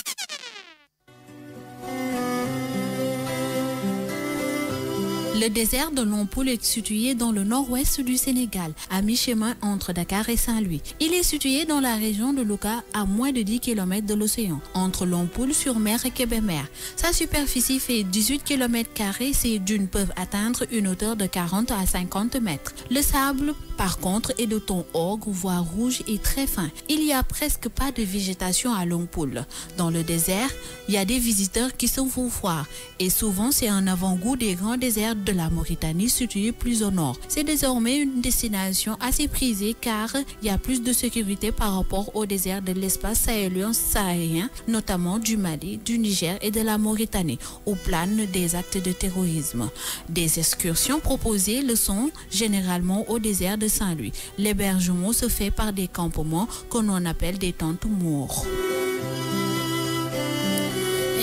Speaker 1: Le désert de
Speaker 2: Lompoul est situé dans le nord-ouest du Sénégal, à mi-chemin entre Dakar et Saint-Louis. Il est situé dans la région de Luka, à moins de 10 km de l'océan, entre Lompoul-sur-Mer et Kébémer. Sa superficie fait 18 km, ses dunes peuvent atteindre une hauteur de 40 à 50 mètres. Le sable par contre, et de ton orgue, voire rouge et très fin. Il n'y a presque pas de végétation à Longpool. Dans le désert, il y a des visiteurs qui se font voir et souvent c'est un avant-goût des grands déserts de la Mauritanie situés plus au nord. C'est désormais une destination assez prisée car il y a plus de sécurité par rapport au désert de l'espace sahélien saharien, notamment du Mali, du Niger et de la Mauritanie, où plane des actes de terrorisme. Des excursions proposées le sont généralement au désert de saint L'hébergement se fait par des campements qu'on on appelle des tentes mours.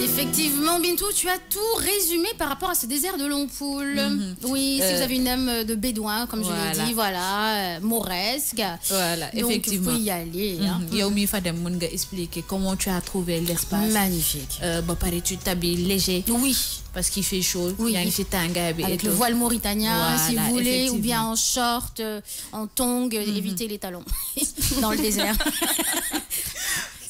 Speaker 1: Effectivement, Bintou, tu as tout résumé par rapport à ce désert de Long mhm. Oui, si vous euh, avez une âme de bédouin, comme je l'ai dit, voilà, euh, mauresque. Voilà, effectivement. Hein. Mhm. il y aller. Yomi
Speaker 2: explique expliquer comment tu as trouvé l'espace. Magnifique. Euh, bah, tu t'habilles léger. Oui parce qu'il fait chaud. Il fait a Avec le voile
Speaker 1: mauritanien, si vous voulez, ou bien en short, euh, en tongue, euh, mhm. évitez éviter les talons dans le désert.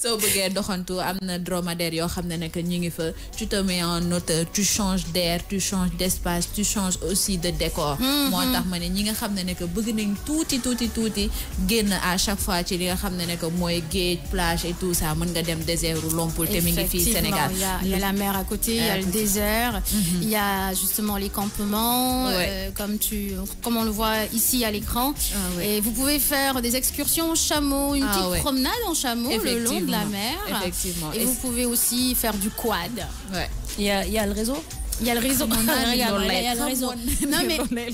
Speaker 2: soo bëggee doxantu am na dromadaire yoo xam ne ñu ngi fa tu te mets en autre tu changes d'air tu changes d'espace tu changes aussi de décor mm-hmm. moo tax ma ne ñi nga xam ne nekk bëgg nañ tuuti tuuti tuuti génn à chaque fois ci li nga xam ne nekk mooy géej plage et tout ça mën nga dem désertu long te mi ngi fii Sénégal il y a la
Speaker 1: mer à côté il y a le euh, désert mm-hmm. il y a justement les campements euh, comme tu comme on le voit ici à l'écran ah et vous pouvez faire des excursions en chameau une ah petite promenade en chameau le long de la Effectivement. Et, vous pouvez aussi faire du quad.
Speaker 3: Ouais. Il y a, il y a le réseau Il y a le réseau. il y a le réseau. Non, mais.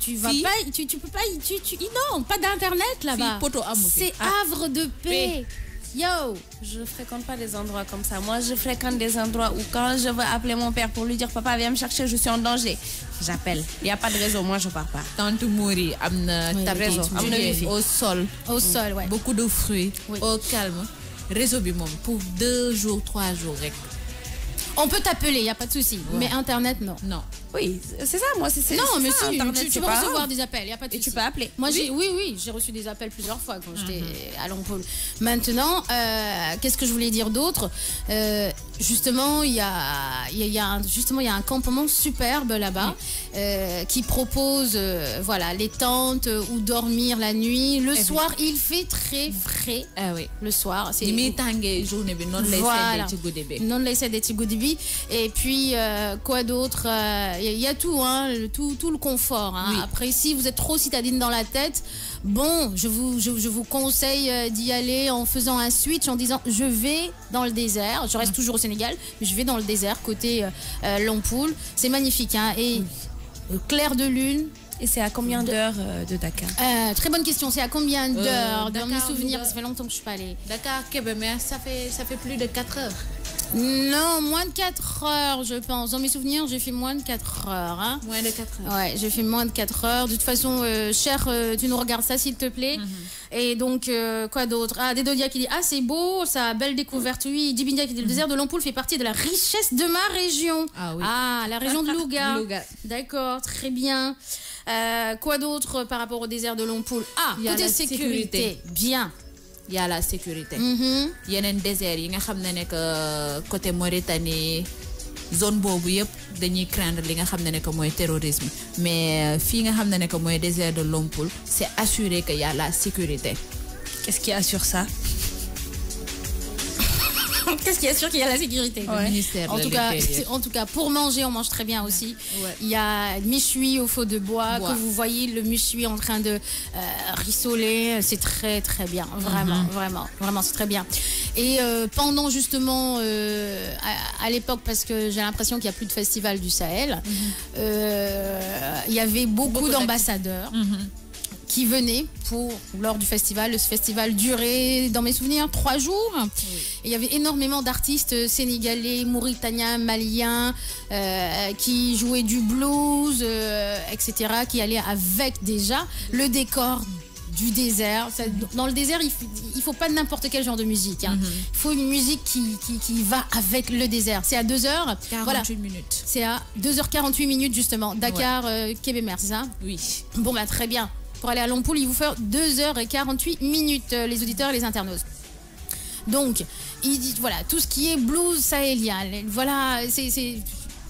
Speaker 1: tu vas pas, tu, tu peux pas, tu, tu, non, pas d'internet là-bas. Ah, C'est ah. havre de
Speaker 3: paix. Yo, je fréquente pas des endroits comme ça. Moi, je fréquente des endroits où quand je veux appeler mon père pour lui dire papa viens me chercher, je suis en danger. J'appelle. Il n'y a pas de réseau, moi je pars pas.
Speaker 2: Tant Mouri, amna ta réseau, au sol. Au sol, oui. Beaucoup de fruits, au calme. Réseau Bimom pour deux jours, trois jours.
Speaker 1: On peut t'appeler, il n'y a pas de souci. Mais Internet, non. Non. Oui, c'est ça, moi, c'est Non, mais si, tu, peux recevoir des appels, il a pas de Et tu peux appeler. Moi, oui, oui, j'ai reçu des appels plusieurs fois quand j'étais mhm. à Longpole. Maintenant, euh, qu'est-ce que je voulais dire d'autre euh, Justement, il y a, y a, justement il y a un campement superbe là-bas euh, qui propose euh, voilà les tentes euh, où dormir la nuit. Le eh soir, il fait
Speaker 2: très frais. Ah oui. Le soir, c'est Et
Speaker 1: puis euh, quoi d'autre euh, Il y, a tout, hein, tout, tout le confort. Hein. Après, si vous êtes trop citadine dans la tête, Bon, je vous, je, vous conseille euh, d'y aller en faisant un switch, en disant je vais dans le désert. Je reste mm. toujours au Sénégal, mais je vais dans le désert côté euh, euh, Lampoule. C'est magnifique. Hein, et clair de lune, et c'est à combien d'heures de Dakar Très bonne question. C'est à combien d'heures Dans mes souvenirs, ça fait longtemps que je ne suis pas allée. Dakar, mais ça fait, ça fait plus de 4 heures. Non, moins de 4 heures, je pense. Dans mes souvenirs, j'ai fait moins de 4 heures. Moins de 4 heures. Ouais, j'ai fait moins de 4 heures. De toute façon, euh, cher, euh, tu nous regardes ça, s'il te plaît. Mhm. Et donc, euh, quoi d'autre Ah, Dédodia qui dit Ah, c'est beau, ça, belle découverte. Oui, Dibindia qui dit Le mhm. désert de l'Ampoule fait partie de la richesse de ma région. Ah, oui. Ah, la région de Louga. Louga. D'accord, très bien. quoi d'autre par rapport au désert de l'Ampoule Ah, côté sécurité. sécurité.
Speaker 2: Bien. Il y a la sécurité. Il mhm. un désert un désert a un côté Mauritanie zone boobu yep dañuy craindre li nga xamné Que moy terrorisme mais euh, fi nga xamné un désert de Lompoul c'est assurer que y a la sécurité.
Speaker 3: qu'est-ce qui assure ça. Qu'est-ce qui est sûr qu'il y a la sécurité ministère, en,
Speaker 1: tout cas, pour manger, on mange très bien aussi. Il y a michui au faux de bois, que vous voyez le michui en train de euh, rissoler. C'est très très bien, vraiment, mhm. vraiment, vraiment, c'est très bien. Et euh, pendant justement euh, à, l'époque, parce que j'ai l'impression qu'il n'y a plus de festival du Sahel, mhm. il y avait beaucoup, d'ambassadeurs. Mhm qui venaient pour lors du festival. Ce festival durait, dans mes souvenirs, trois jours. Et il y avait énormément d'artistes sénégalais, mauritaniens, maliens, euh, qui jouaient du blues, euh, etc., qui allaient avec déjà le décor du désert. dans le désert, il ne faut pas n'importe quel genre de musique. Hein. Mm-hmm. Il faut une musique qui, qui, va avec le désert. C'est à 2 h 48 minutes. C'est à 2h48 minutes, justement. Dakar, ouais. Euh, c'est ça Oui. Bon, bah, très bien. Pour aller à l'ampoule, il vous faut 2h48 minutes, euh, les auditeurs et les internautes. Donc, il dit, voilà, tout ce qui est blues ça sahélien, voilà, c'est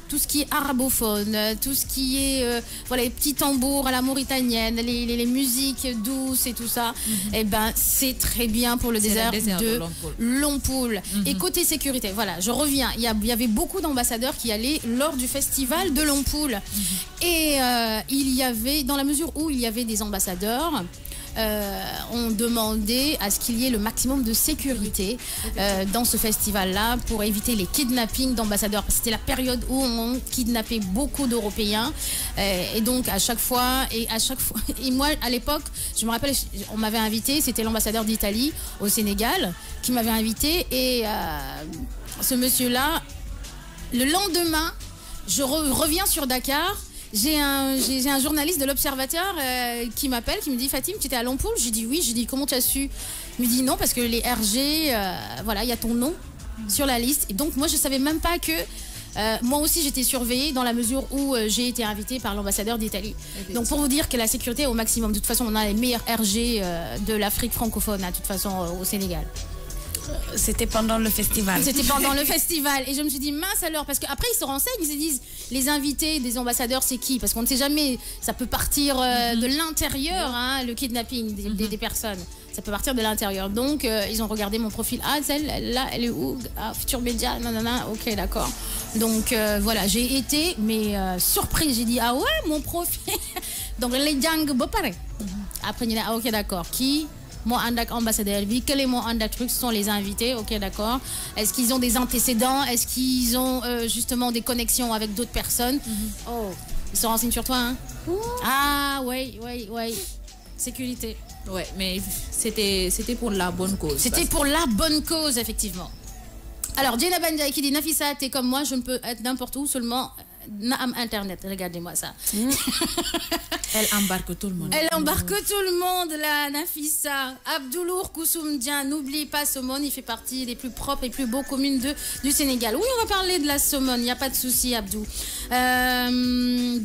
Speaker 1: tout ce qui est arabophone, tout ce qui est euh, voilà les petits tambours à la mauritanienne, les, les, musiques douces et tout ça, mhm. et eh ben c'est très bien pour le désert, de, mhm. Et côté sécurité, voilà, je reviens. Il y, avait beaucoup d'ambassadeurs qui allaient lors du festival de Lompoul, mhm. et euh, il y avait, dans la mesure où il y avait des ambassadeurs on euh, ont demandé à ce qu'il y ait le maximum de sécurité euh, dans ce festival-là pour éviter les kidnappings d'ambassadeurs. C'était la période où on kidnappait beaucoup d'Européens. Euh, et donc, à chaque fois, et à chaque fois, et moi, à l'époque, je me rappelle, on m'avait invité, c'était l'ambassadeur d'Italie au Sénégal qui m'avait invité. Et ce monsieur-là, le lendemain, je reviens sur Dakar j'ai un, journaliste de l'Observateur euh, qui m'appelle, qui me dit Fatim, tu étais à l'ampoule Je dis oui. Je dis comment tu as su Il me dit non, parce que les RG, euh, voilà, il y a ton nom sur la liste. Et donc, moi, je ne savais même pas que. Euh, moi aussi, j'étais surveillée dans la mesure où j'ai été invitée par l'ambassadeur d'Italie. Donc, pour vous dire que la sécurité est au maximum. De toute façon, on a les meilleurs RG de l'Afrique francophone, hein, de toute façon, au Sénégal.
Speaker 3: C'était pendant le festival. C'était pendant le festival.
Speaker 1: Et je me suis dit, mince alors, parce qu'après, ils se renseignent, ils se disent, les invités des ambassadeurs, c'est qui Parce qu'on ne sait jamais, ça peut partir euh, mhm. de l'intérieur, hein, le kidnapping mhm. des, personnes. Ça peut partir de l'intérieur. Donc, euh, ils ont regardé mon profil. Ah, celle, là, elle est où Ah, Futur non nanana, ok, d'accord. Donc, euh, voilà, j'ai été, mais surprise, j'ai dit, ah ouais, mon profil. Donc, les Django Bopare. Mhm. Après, il ah, ok, d'accord. Qui moi, andak ambassadeur bi quel est mon andak truc sont les invités ok d'accord est-ce qu'ils ont des antécédents est-ce qu'ils ont euh, justement des connexions avec d'autres personnes mm-hmm. oh ils se renseignent sur toi hein ah ouais, ouais, ouais. sécurité ouais mais c'était c'était pour la bonne cause c'était pour la bonne cause effectivement alors Jenna Bandia qui dit Nafisa, t'es comme moi je ne peux être n'importe où seulement internet regardez-moi ça. Mm.
Speaker 2: elle embarque tout le monde.
Speaker 1: elle embarque tout le monde la Nafissa Abdoulour Koussoum n'oublie pas Somone il fait partie des plus propres et plus beaux communes du Sénégal oui on va parler de la Somone il n'y a pas de souci Abdou euh, euh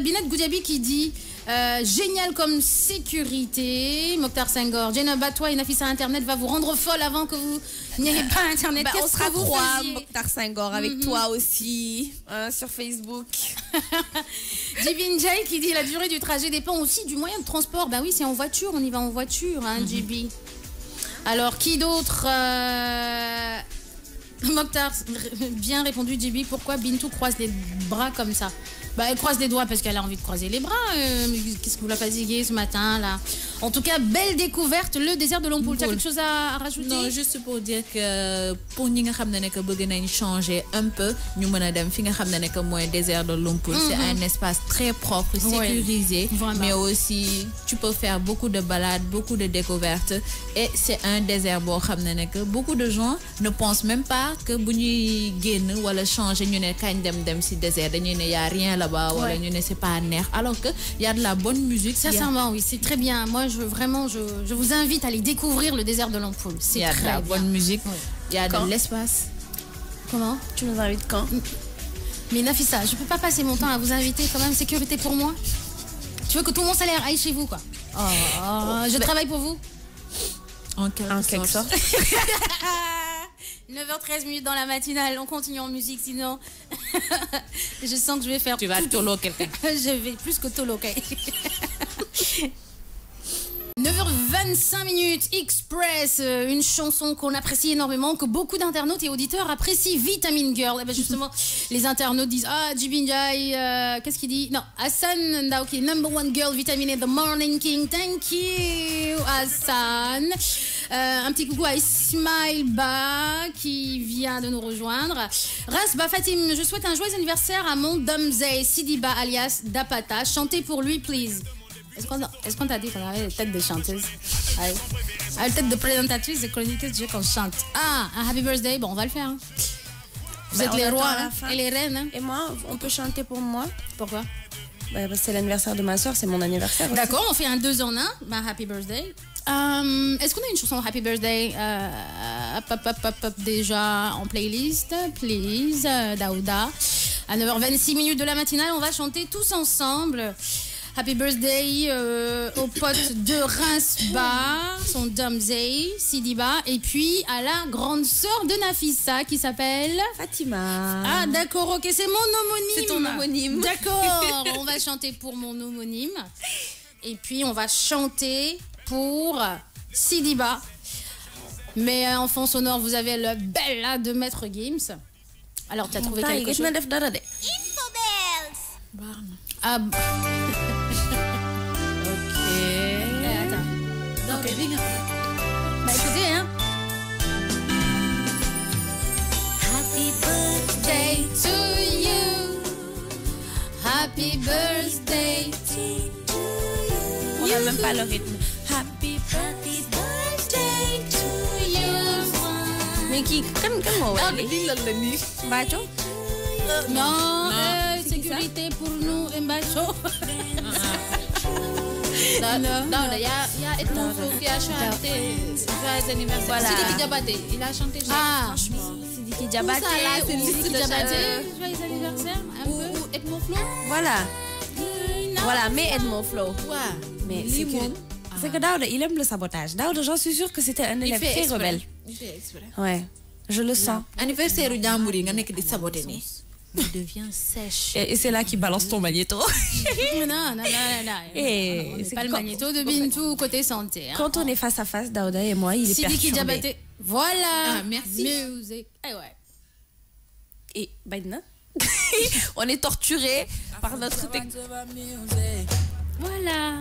Speaker 1: Binette Goudiabi qui dit. Euh, génial comme sécurité. Mokhtar Senghor, Jenna toi une affiche à Internet va vous rendre folle avant que vous n'ayez pas Internet. Bah, on sera trois,
Speaker 3: Mokhtar Senghor, avec mhm. toi
Speaker 1: aussi,
Speaker 3: hein, sur Facebook.
Speaker 1: JB Jay qui dit la durée du trajet dépend aussi du moyen de transport. Ben oui, c'est en voiture, on y va en voiture, hein, mhm. Alors, qui d'autre euh, Mokhtar, bien répondu JB, pourquoi Bintou croise les bras comme ça bah, elle croise les doigts parce qu'elle a envie de croiser les bras. Euh, qu'est-ce que vous la fatiguez ce matin là En tout cas, belle découverte, le désert de l'Ampoule. Tu as quelque chose à, rajouter Non, juste pour dire que pour nous, nous changer
Speaker 2: un peu. Nous, nous le désert de l'Ampoule. C'est mm-hmm. un espace très propre, sécurisé. mais aussi, tu peux faire beaucoup de balades, beaucoup de découvertes. Et c'est un désert bon, beaucoup de gens ne pensent même pas que si nous avons changer, nous ne désert. Il n'y a rien là bah ouais. c'est pas nerf alors
Speaker 1: que y a de la bonne musique. sincèrement oui c'est très bien moi je vraiment je, vous invite à aller découvrir le désert de l'ampoule. il y a de la bonne musique. il y a de l'espace. comment tu nous invites quand. mais Nafissa je peux pas passer mon temps à vous inviter quand même sécurité pour moi. tu veux que tout mon salaire aille chez vous quoi.
Speaker 3: Oh, oh, je travaille pour vous. En quelque, sorte.
Speaker 1: 9h13 minutes dans la matinale, on continue en musique sinon
Speaker 3: je sens que je vais faire Tu vas tolo quelqu'un.
Speaker 1: je vais plus que tolo 9h25 minutes, Express, euh, une chanson qu'on apprécie énormément, que beaucoup d'internautes et auditeurs apprécient, Vitamin Girl. Et eh ben justement, les internautes disent Ah, Jibin Jai, euh, qu'est-ce qu'il dit Non, Hassan Ok number one girl, Vitamin in the Morning King. Thank you, Hassan. Euh, un petit coucou à Ismail qui vient de nous rejoindre. Rasba Fatim, je souhaite un joyeux anniversaire à mon Domzei, Sidiba alias Dapata. Chantez pour lui, please. Est-ce qu'on t'a dit qu'on avait les têtes de chanteuse Allez. À les de présentatrice, de chroniqueuse, Dieu quand qu'on chante. Ah, un happy birthday, bon, on va le faire. Hein. Vous bah, êtes les rois hein,
Speaker 3: et les reines. Hein. Et moi, on peut chanter pour moi. Pourquoi bah, C'est l'anniversaire de ma soeur, c'est mon anniversaire. D'accord, on fait un 2 en un,
Speaker 1: Ma happy birthday. Euh, est-ce qu'on a une chanson Happy Birthday uh, hop, hop, hop, déjà en playlist Please, euh, Daouda. À 9h26 minutes de la matinale, on va chanter tous ensemble Happy birthday euh, au pote de Reims bas son Domzey, Sidiba, et puis à la grande sœur de Nafissa qui s'appelle Fatima. Ah d'accord, ok, c'est mon homonyme. C'est ton homonyme. D'accord, on va chanter pour mon homonyme. Et puis on va chanter pour Sidiba. Mais euh, en fond sonore, vous avez le Bella de Maître Gims. Alors, tu as trouvé quelque chose Barn. Ah, Bah, Terrible. hein. Happy
Speaker 3: birthday to you. Happy birthday to you. On n'a même pas le rythme. Happy birthday to you. Mais qui, comme, comme, Ah, Non, Non, euh,
Speaker 1: sécurité pour nous, Mbacho.
Speaker 2: Non, il y a Edmond Flo qui a chanté
Speaker 3: Joyeux anniversaire.
Speaker 1: il a chanté
Speaker 2: Ah,
Speaker 3: franchement. Joyeux
Speaker 1: anniversaire, un peu. Ou Edmond Flo.
Speaker 3: Voilà. Voilà, mais Edmond Flo. Ouais. Mais c'est que. Ah. C'est que il aime le sabotage. Daoud, j'en suis sûre que c'était un élève très rebelle. Il fait exprès. Ouais, je le sens. Anniversaire ou il y a des
Speaker 1: il devient sèche.
Speaker 3: Et, c'est là qu'il balance ton magnéto.
Speaker 1: non, non, non, non. Et pas le magnéto de Bintou côté santé. Hein. Quand
Speaker 3: on est face à face, Daouda et moi, il est Sidi voilà. Ah, merci. Et, eh ouais. et on est torturé par ah, notre technique. Voilà.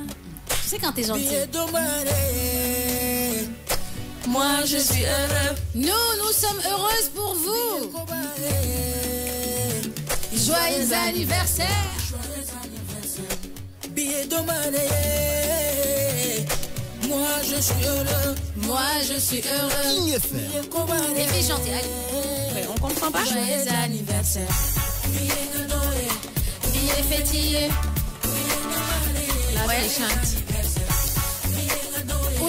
Speaker 3: Tu sais quand t'es gentil.
Speaker 1: Moi, je suis heureux. Nous, nous sommes heureuses pour vous. Joyeux anniversaire. Billet monnaie Moi je suis heureux. Moi je suis heureux. Et puis chanter. on comprend pas. Joyeux anniversaire. Billet de monnaie Billet fêtier La ouais, chante.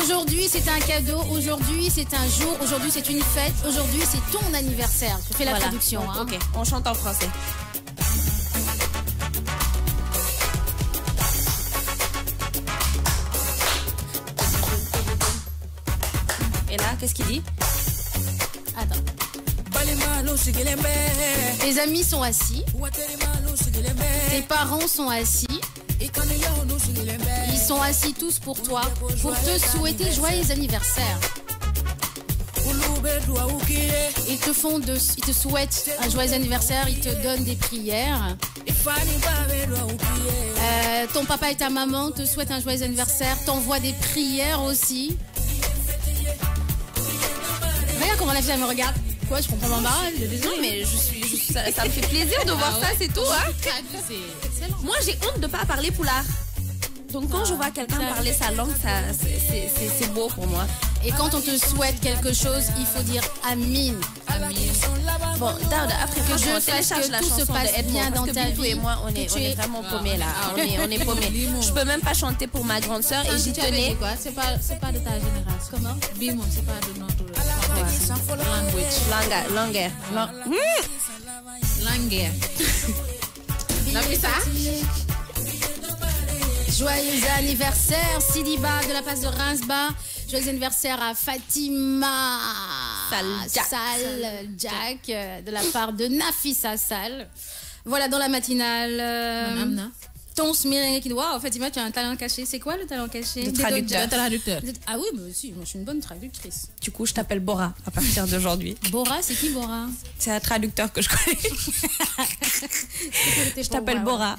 Speaker 1: Aujourd'hui, c'est un cadeau. Aujourd'hui, c'est un jour. Aujourd'hui, c'est une fête. Aujourd'hui, c'est ton anniversaire. fais la traduction. Hein. Ok,
Speaker 3: on chante en français. Et là, qu'est-ce qu'il dit Attends. Les amis
Speaker 1: sont assis. Tes parents sont assis. Ils sont assis tous pour toi, pour te souhaiter joyeux anniversaire. Ils te font de, ils te souhaitent un joyeux anniversaire, ils te donnent des prières.
Speaker 4: Euh,
Speaker 1: ton papa et ta maman te souhaitent un joyeux anniversaire, t'envoient des prières aussi.
Speaker 3: Regarde comment la fille elle me regarde. Quoi, je comprends pas Non, mais je suis, ça, me fait plaisir de ah voir ça, c'est tout. Hein. Ah, moi, j'ai honte de pas parler poulard. Donc, quand je vois quelqu'un parler sa langue, ça, c'est beau pour moi. Et quand on te souhaite quelque chose, il faut dire Amin. Bon, d'accord, après que je sache que tout se passe bien dans ta et moi, on est, vraiment paumés là. On est, paumés. Je peux même pas chanter pour ma grande sœur et ah, j'y tenais.
Speaker 2: C'est pas, pas de ta génération. Comment Bimon,
Speaker 3: c'est pas de notre ah, langue. Langue. Langue. Langue. as vu ça
Speaker 1: Joyeux anniversaire, Sidiba de la place de reims Joyeux anniversaire à Fatima Sal Jack, euh, de la part de Nafisa Sal. Voilà, dans la matinale. Euh, ton ton qui fait, Fatima, tu as un talent caché. C'est quoi le talent caché Le traducteur. Ah oui, mais si, moi je suis une bonne traductrice.
Speaker 3: Du coup, je t'appelle Bora à partir d'aujourd'hui.
Speaker 1: Bora, c'est qui Bora
Speaker 3: C'est un traducteur que je connais.
Speaker 1: je t'appelle Bora.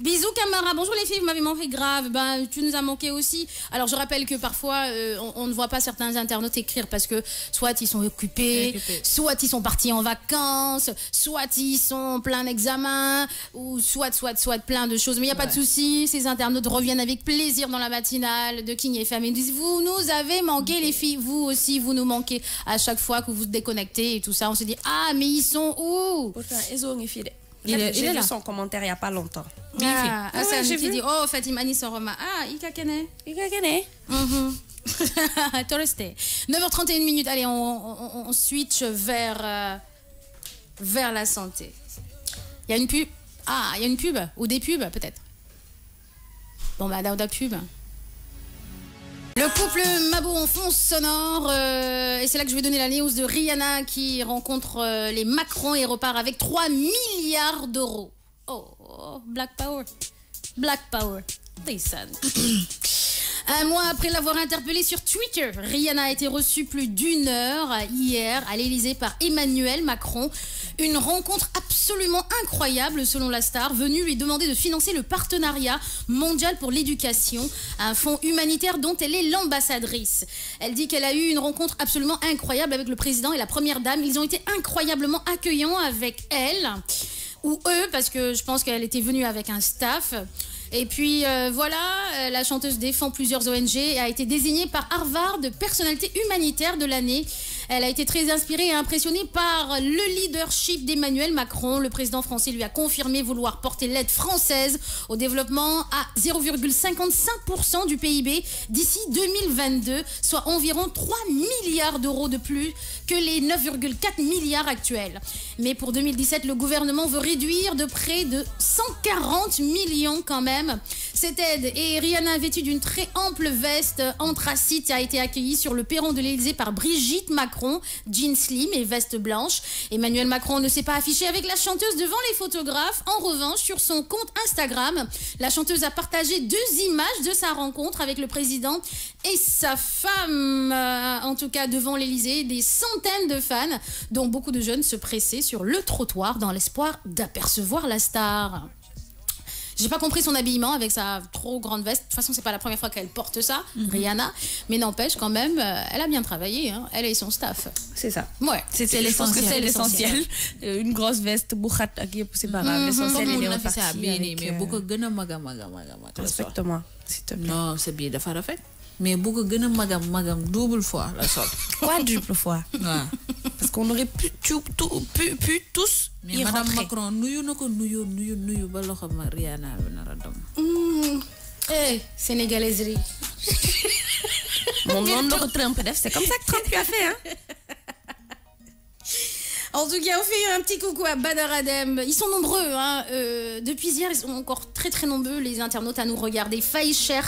Speaker 1: Bisous Camara, bonjour les filles, vous m'avez manqué grave, ben, tu nous as manqué aussi. Alors je rappelle que parfois euh, on, ne voit pas certains internautes écrire parce que soit ils sont occupés, soit ils sont partis en vacances, soit ils sont plein d'examens ou soit, soit, soit plein de choses. Mais il n'y a pas de souci, ces internautes reviennent avec plaisir dans la matinale de King FM et disent, vous nous avez manqué les filles, vous aussi, vous nous manquez à chaque fois que vous vous déconnectez et tout ça. On se dit, ah mais ils
Speaker 3: sont où Pourtant, ils ont il son commentaire il n'y a pas longtemps. Ah, ah ça, ouais, dit, dit oh Fatima Ah, il Kene. Hein. il Kene. 9h31
Speaker 1: hein. mhm. minutes. Allez, on, switch vers euh, vers la santé. Il y a une pub. Ah, il y a une pub ou des pubs peut-être. Bon bah Dauda pub. Le couple Mabo en fond sonore, euh, et c'est là que je vais donner la news de Rihanna qui rencontre euh, les Macron et repart avec 3 milliards d'euros. Oh, Black Power. Black Power. Tyson. Un mois après l'avoir interpellée sur Twitter, Rihanna a été reçue plus d'une heure hier à l'Elysée par Emmanuel Macron. Une rencontre absolument incroyable selon la star, venue lui demander de financer le partenariat mondial pour l'éducation, un fonds humanitaire dont elle est l'ambassadrice. Elle dit qu'elle a eu une rencontre absolument incroyable avec le président et la première dame. Ils ont été incroyablement accueillants avec elle ou eux, parce que je pense qu'elle était venue avec un staff. Et puis euh, voilà, euh, la chanteuse défend plusieurs ONG et a été désignée par Harvard personnalité humanitaire de l'année. Elle a été très inspirée et impressionnée par le leadership d'Emmanuel Macron. Le président français lui a confirmé vouloir porter l'aide française au développement à 0,55% du PIB d'ici 2022, soit environ 3 milliards d'euros de plus que les 9,4 milliards actuels. Mais pour 2017, le gouvernement veut réduire de près de 140 millions quand même cette aide. Et Rihanna, vêtue d'une très ample veste anthracite, a été accueillie sur le perron de l'Élysée par Brigitte Macron Jeans jean slim et veste blanche. Emmanuel Macron ne s'est pas affiché avec la chanteuse devant les photographes. En revanche, sur son compte Instagram, la chanteuse a partagé deux images de sa rencontre avec le président et sa femme, euh, en tout cas devant l'Elysée, des centaines de fans, dont beaucoup de jeunes se pressaient sur le trottoir dans l'espoir d'apercevoir la star. J'ai pas compris son habillement avec sa trop grande veste. De toute façon, c'est pas la première fois qu'elle porte ça, mhm. Rihanna. Mais n'empêche, quand même, euh, elle a bien travaillé. Hein. Elle et son staff. C'est ça. Ouais. C'est l'essentiel. C'est l'essentiel.
Speaker 2: Euh, une grosse veste, bouchat,
Speaker 1: c'est pas grave. Mhm. L'essentiel, il te
Speaker 2: plaît. Exactement. C'est bien. de faire mais beaucoup magam magam double fois la sorte quadruple fois. parce qu'on aurait pu tout pu tous. mais madame Macron nous, nous, nous, nuyu nous, nuyu ba nous, nous, nous, nous,
Speaker 3: nous, nous, nous. eh sénégalaiserie nous, Trump c'est comme ça que Trump a fait hein. En tout cas, on fait
Speaker 1: un petit coucou à Badar Adem. Ils sont nombreux. Hein. Euh, depuis hier, ils sont encore très très nombreux, les internautes, à nous regarder. Faïcher,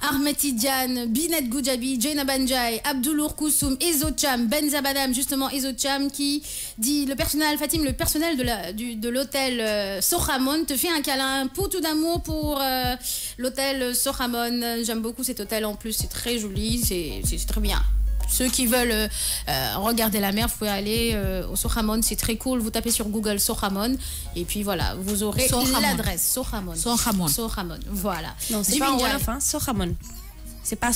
Speaker 1: Armetidian, Binet Goujabi, Jaina Banjai, Abdoulour Koussoum, Ezocham, Benzabadam, justement Ezocham, qui dit le personnel, Fatim, le personnel de l'hôtel euh, soramon te fait un câlin. Poutou d'amour pour euh, l'hôtel Sohamon. J'aime beaucoup cet hôtel en plus, c'est très joli, c'est très bien ceux qui veulent euh, euh, regarder la mer, vous pouvez aller euh, au Sohamon, c'est très cool. Vous
Speaker 3: tapez sur Google Sohamon et puis voilà, vous aurez l'adresse
Speaker 1: Sohamon. Sohamon. Sohamon,
Speaker 3: voilà. Non, c'est pas en Wolof, hein, C'est pas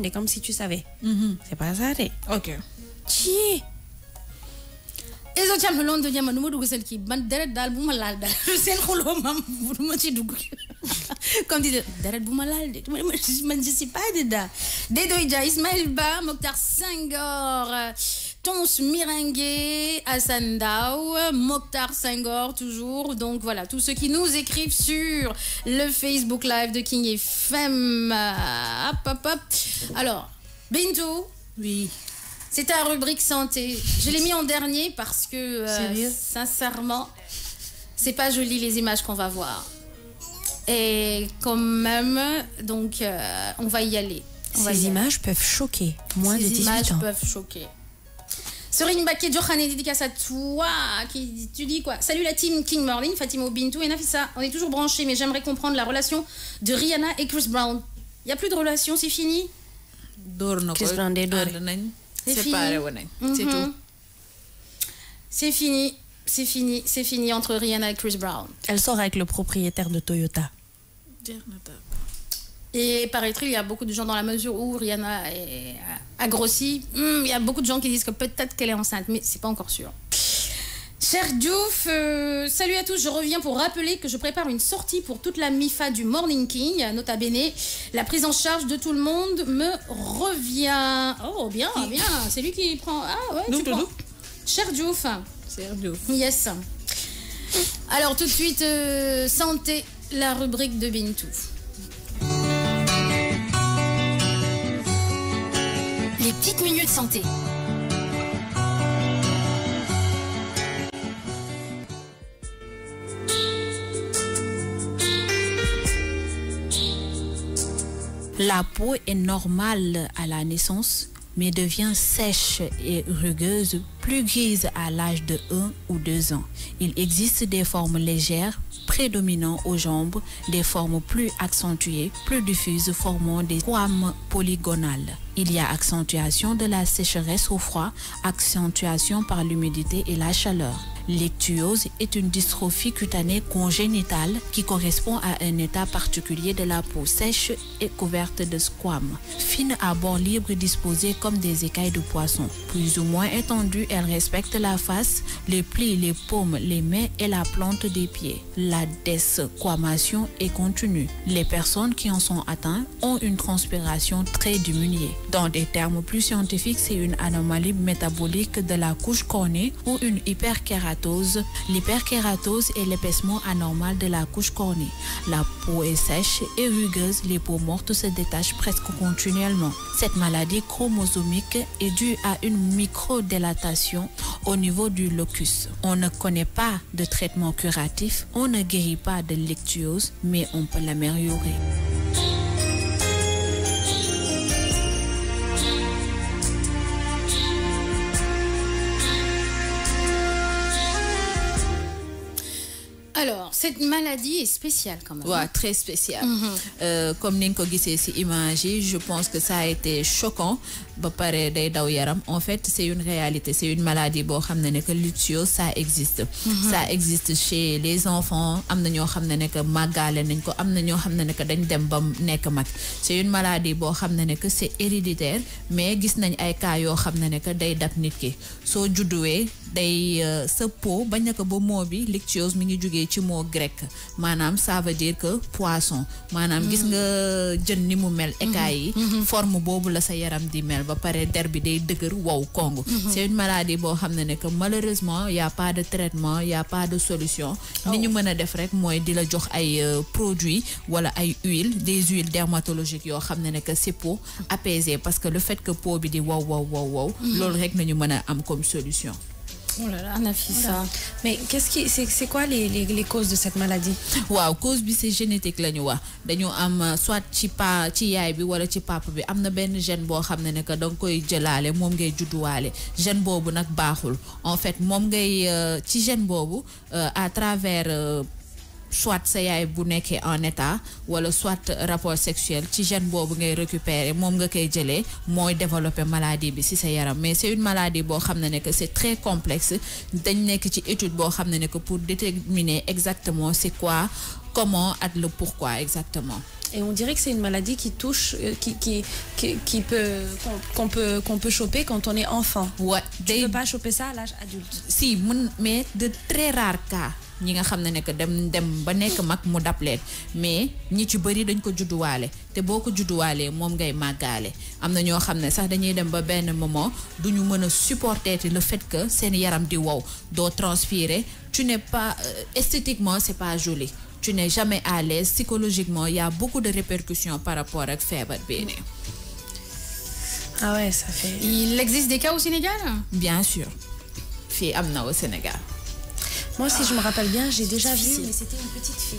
Speaker 3: mais comme si tu savais. Mhm. C'est pas ça, Ok. Qui je tiens loolu
Speaker 1: dañu nu ma dugg de ce qui est daal dal ma je sais que xuloo maam ma ci dugg comme dit, deret buma lal. laal de je pas dedans Ismailba, Moktar Ismaël Ba Mokhtar Senghor Tons Miringue Hassan Moktar Mokhtar Senghor toujours donc voilà tous ceux qui nous écrivent sur le Facebook Live de King FM hop alors Bintou oui c'est ta rubrique santé. Je l'ai mis en dernier parce que, euh, sincèrement, c'est pas joli les images qu'on va voir. Et quand même, donc, euh, on va y aller. Ces images
Speaker 3: peuvent choquer, moins de 18 images
Speaker 1: peuvent choquer. Serine Baké, Johan est dédicace à toi. Qui, tu dis quoi Salut la team King Merlin, Fatima Bintou et ça. On est toujours branchés, mais j'aimerais comprendre la relation de Rihanna et Chris Brown. Il n'y a plus de relation, c'est fini Chris Brown est c'est mhm. tout c'est fini c'est fini c'est fini entre Rihanna et Chris Brown
Speaker 3: elle sort avec le propriétaire de Toyota
Speaker 1: et paraît-il, il y a beaucoup de gens dans la mesure où Rihanna est, a grossi, hmm, il y a beaucoup de gens qui disent que peut-être qu'elle est enceinte, mais c'est pas encore sûr. Cher Diouf, euh, salut à tous. Je reviens pour rappeler que je prépare une sortie pour toute la MIFA du Morning King. Nota bene, la prise en charge de tout le monde me revient. Oh, bien, bien. C'est lui qui prend. Ah, ouais, tu prends. Cher Diouf. Cher Diouf. Yes. Alors, tout de suite, euh, santé, la rubrique de Bintou. Les petites minutes santé.
Speaker 2: La peau est normale à la naissance, mais devient sèche et rugueuse plus grise à l'âge de 1 ou 2 ans. Il existe des formes légères prédominant aux jambes, des formes plus accentuées, plus diffuses formant des squames polygonales. Il y a accentuation de la sécheresse au froid, accentuation par l'humidité et la chaleur. L'ectuose est une dystrophie cutanée congénitale qui correspond à un état particulier de la peau sèche et couverte de squames, fines à bord libre disposées comme des écailles de poisson, plus ou moins étendues et elle respecte la face, les plis, les paumes, les mains et la plante des pieds. La desquamation est continue. Les personnes qui en sont atteintes ont une transpiration très diminuée. Dans des termes plus scientifiques, c'est une anomalie métabolique de la couche cornée ou une hyperkératose. L'hyperkératose est l'épaissement anormal de la couche cornée. La peau est sèche et rugueuse, les peaux mortes se détachent presque continuellement. Cette maladie chromosomique est due à une microdélatation au niveau du locus. On ne connaît pas de traitement curatif, on ne guérit pas de lectuose, mais on peut l'améliorer.
Speaker 1: Alors, cette maladie est spéciale quand même. Oui, hein. très spéciale.
Speaker 2: Mm-hmm. Euh, comme Ninko s'est je pense que ça a été choquant ba pare day daw yaram en fait c'est une réalité c'est une maladie bo xam ne que luxio ça existe mhm. ça existe chez les enfants amna ñoo xam ne que màggaale nañ ko ñoo ne que dañ dem ba nek mak c'est une maladie bo xam ne que c'est héréditaire mais gis nañ ay cas yo xam ne que day dab nit ki so judduwee day euh, sa peau bañ na ko ba moo bi lictiose mi ngi jógee ci mot grec manam ça veut dire que poisson manam gis mhm. nga jeun ni mu mel écailles mhm. forme bobu la sa yaram di mel Mhm. c'est une maladie qui xamné malheureusement que a pas de traitement il n'y a pas de solution ni ñu oh. def jox ay euh, produits wala ay huiles des huiles dermatologiques qui xamné pour apaiser parce que le fait que peau bi di wow wow wow wow mhm. rek comme solution
Speaker 1: Oh là là, oh
Speaker 2: Mais qu'est-ce qui c'est quoi les, les, les causes de cette maladie Wow, cause bi c'est génétique la ñu wax am euh, soit chipa, pa ci yaay bi wala ci papa bi am na benn gène bo xam ne ne que koy jëlaale moom ngay gène en fait moom ngay euh, ci gène euh, à travers soit c'est un bu en état wala soit rapport sexuel ci gène peux ngay récupérer mom nga kay jëlee moy développer maladie bi mais c'est une maladie qui xamné c'est très complexe dañ nek ci étude bo xamné pour déterminer exactement c'est quoi comment et pourquoi
Speaker 3: exactement. Et on dirait que c'est une maladie qui touche, euh, qui, qui, qui, peut, qu'on peut, qu'on peut choper quand on est enfant. Ouais. Tu ne peux pas choper ça à l'âge adulte. Si, mais
Speaker 2: de très rares cas ñi nga xam ne dem dem ba nekk mais ñi ci bëri dañ ko ko ngay am sax dem ba moment duñu a supporter le fait que seen yaram di wow doo transpirer tu n'es pas euh, esthétiquement c'est pas joli tu n'es jamais à l'aise psychologiquement y a beaucoup de répercussions par rapport à feebar ah ça
Speaker 1: il existe des cas au Sénégal.
Speaker 2: bien sûr au Sénégal.
Speaker 3: Moi, si je me rappelle bien, j'ai déjà vu. Mais c'était une petite fille.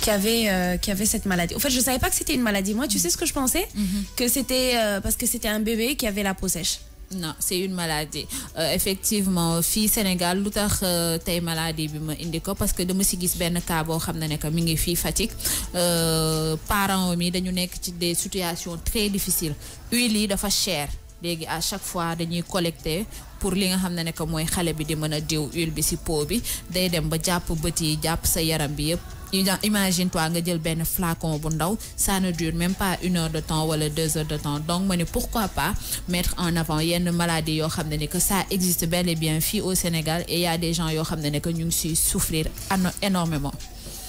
Speaker 3: Qui avait, euh, qui avait cette maladie. En fait, je ne savais pas que c'était une maladie. Moi, tu mm-hmm. sais ce que je pensais mm-hmm. Que c'était euh, parce que c'était un bébé qui
Speaker 2: avait la peau sèche. non c'est une maladie euh, effectivement fille Sénégal tout tax maladie parce que de si gis benn parents ont des situations très difficiles huile de cher à chaque fois nous collecter pour li nga ne moy xalé bi di diw huile bi bi day dem ba japp sa yaram bi imagine toi nga jël ben flacon ça ne dure même pas une heure de temps wala deux heures de temps donc pourquoi pas mettre en avant yenn maladie yo ne que ça existe bel et bien au Sénégal et y a des gens yo souffrent souffrir énormément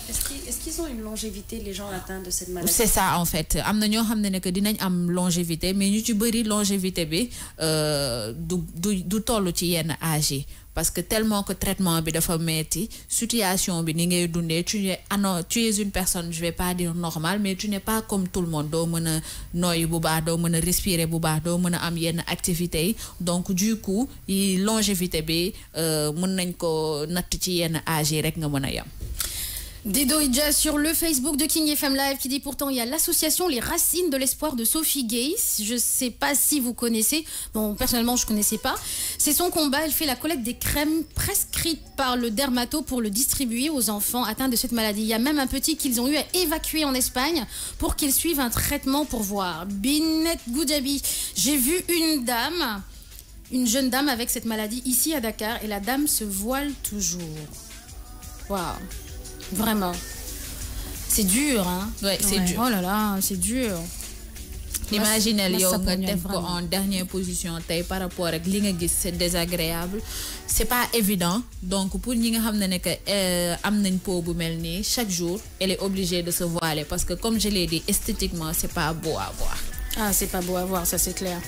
Speaker 3: est-ce qu'ils ont une longévité les gens atteints de cette maladie. c'est ça
Speaker 2: en fait Il y ñoo des ne dinañ am longévité mais nous avons une longévité de euh, du du du ils ci parce que tellement que le traitement est fait, la situation est ni ngay ah tu es une personne je ne vais pas dire normale mais tu n'es pas comme tout le monde Tu mën a noyyi bu respirer bu baax am yenn activités donc du coup longévité bi euh, mën nañ ko natt ci yenn
Speaker 1: Dedo déjà sur le Facebook de King FM Live qui dit pourtant il y a l'association Les Racines de l'Espoir de Sophie Gays. Je sais pas si vous connaissez. Bon, personnellement, je connaissais pas. C'est son combat. Elle fait la collecte des crèmes prescrites par le dermato pour le distribuer aux enfants atteints de cette maladie. Il y a même un petit qu'ils ont eu à évacuer en Espagne pour qu'ils suivent un traitement pour voir. Binet Goudjabi, j'ai vu une dame, une jeune dame avec cette maladie ici à Dakar et la dame se voile toujours. Waouh. Vraiment. C'est dur, hein? Ouais, c'est dur. Oh là là, c'est dur. Imagine elle en dernière
Speaker 2: position par rapport à li c'est désagréable c'est pas évident donc pour ñi nga une euh, peau chaque jour elle est obligée de se voiler parce que comme je l'ai dit esthétiquement c'est pas beau à voir
Speaker 1: ah c'est pas beau à voir ça c'est clair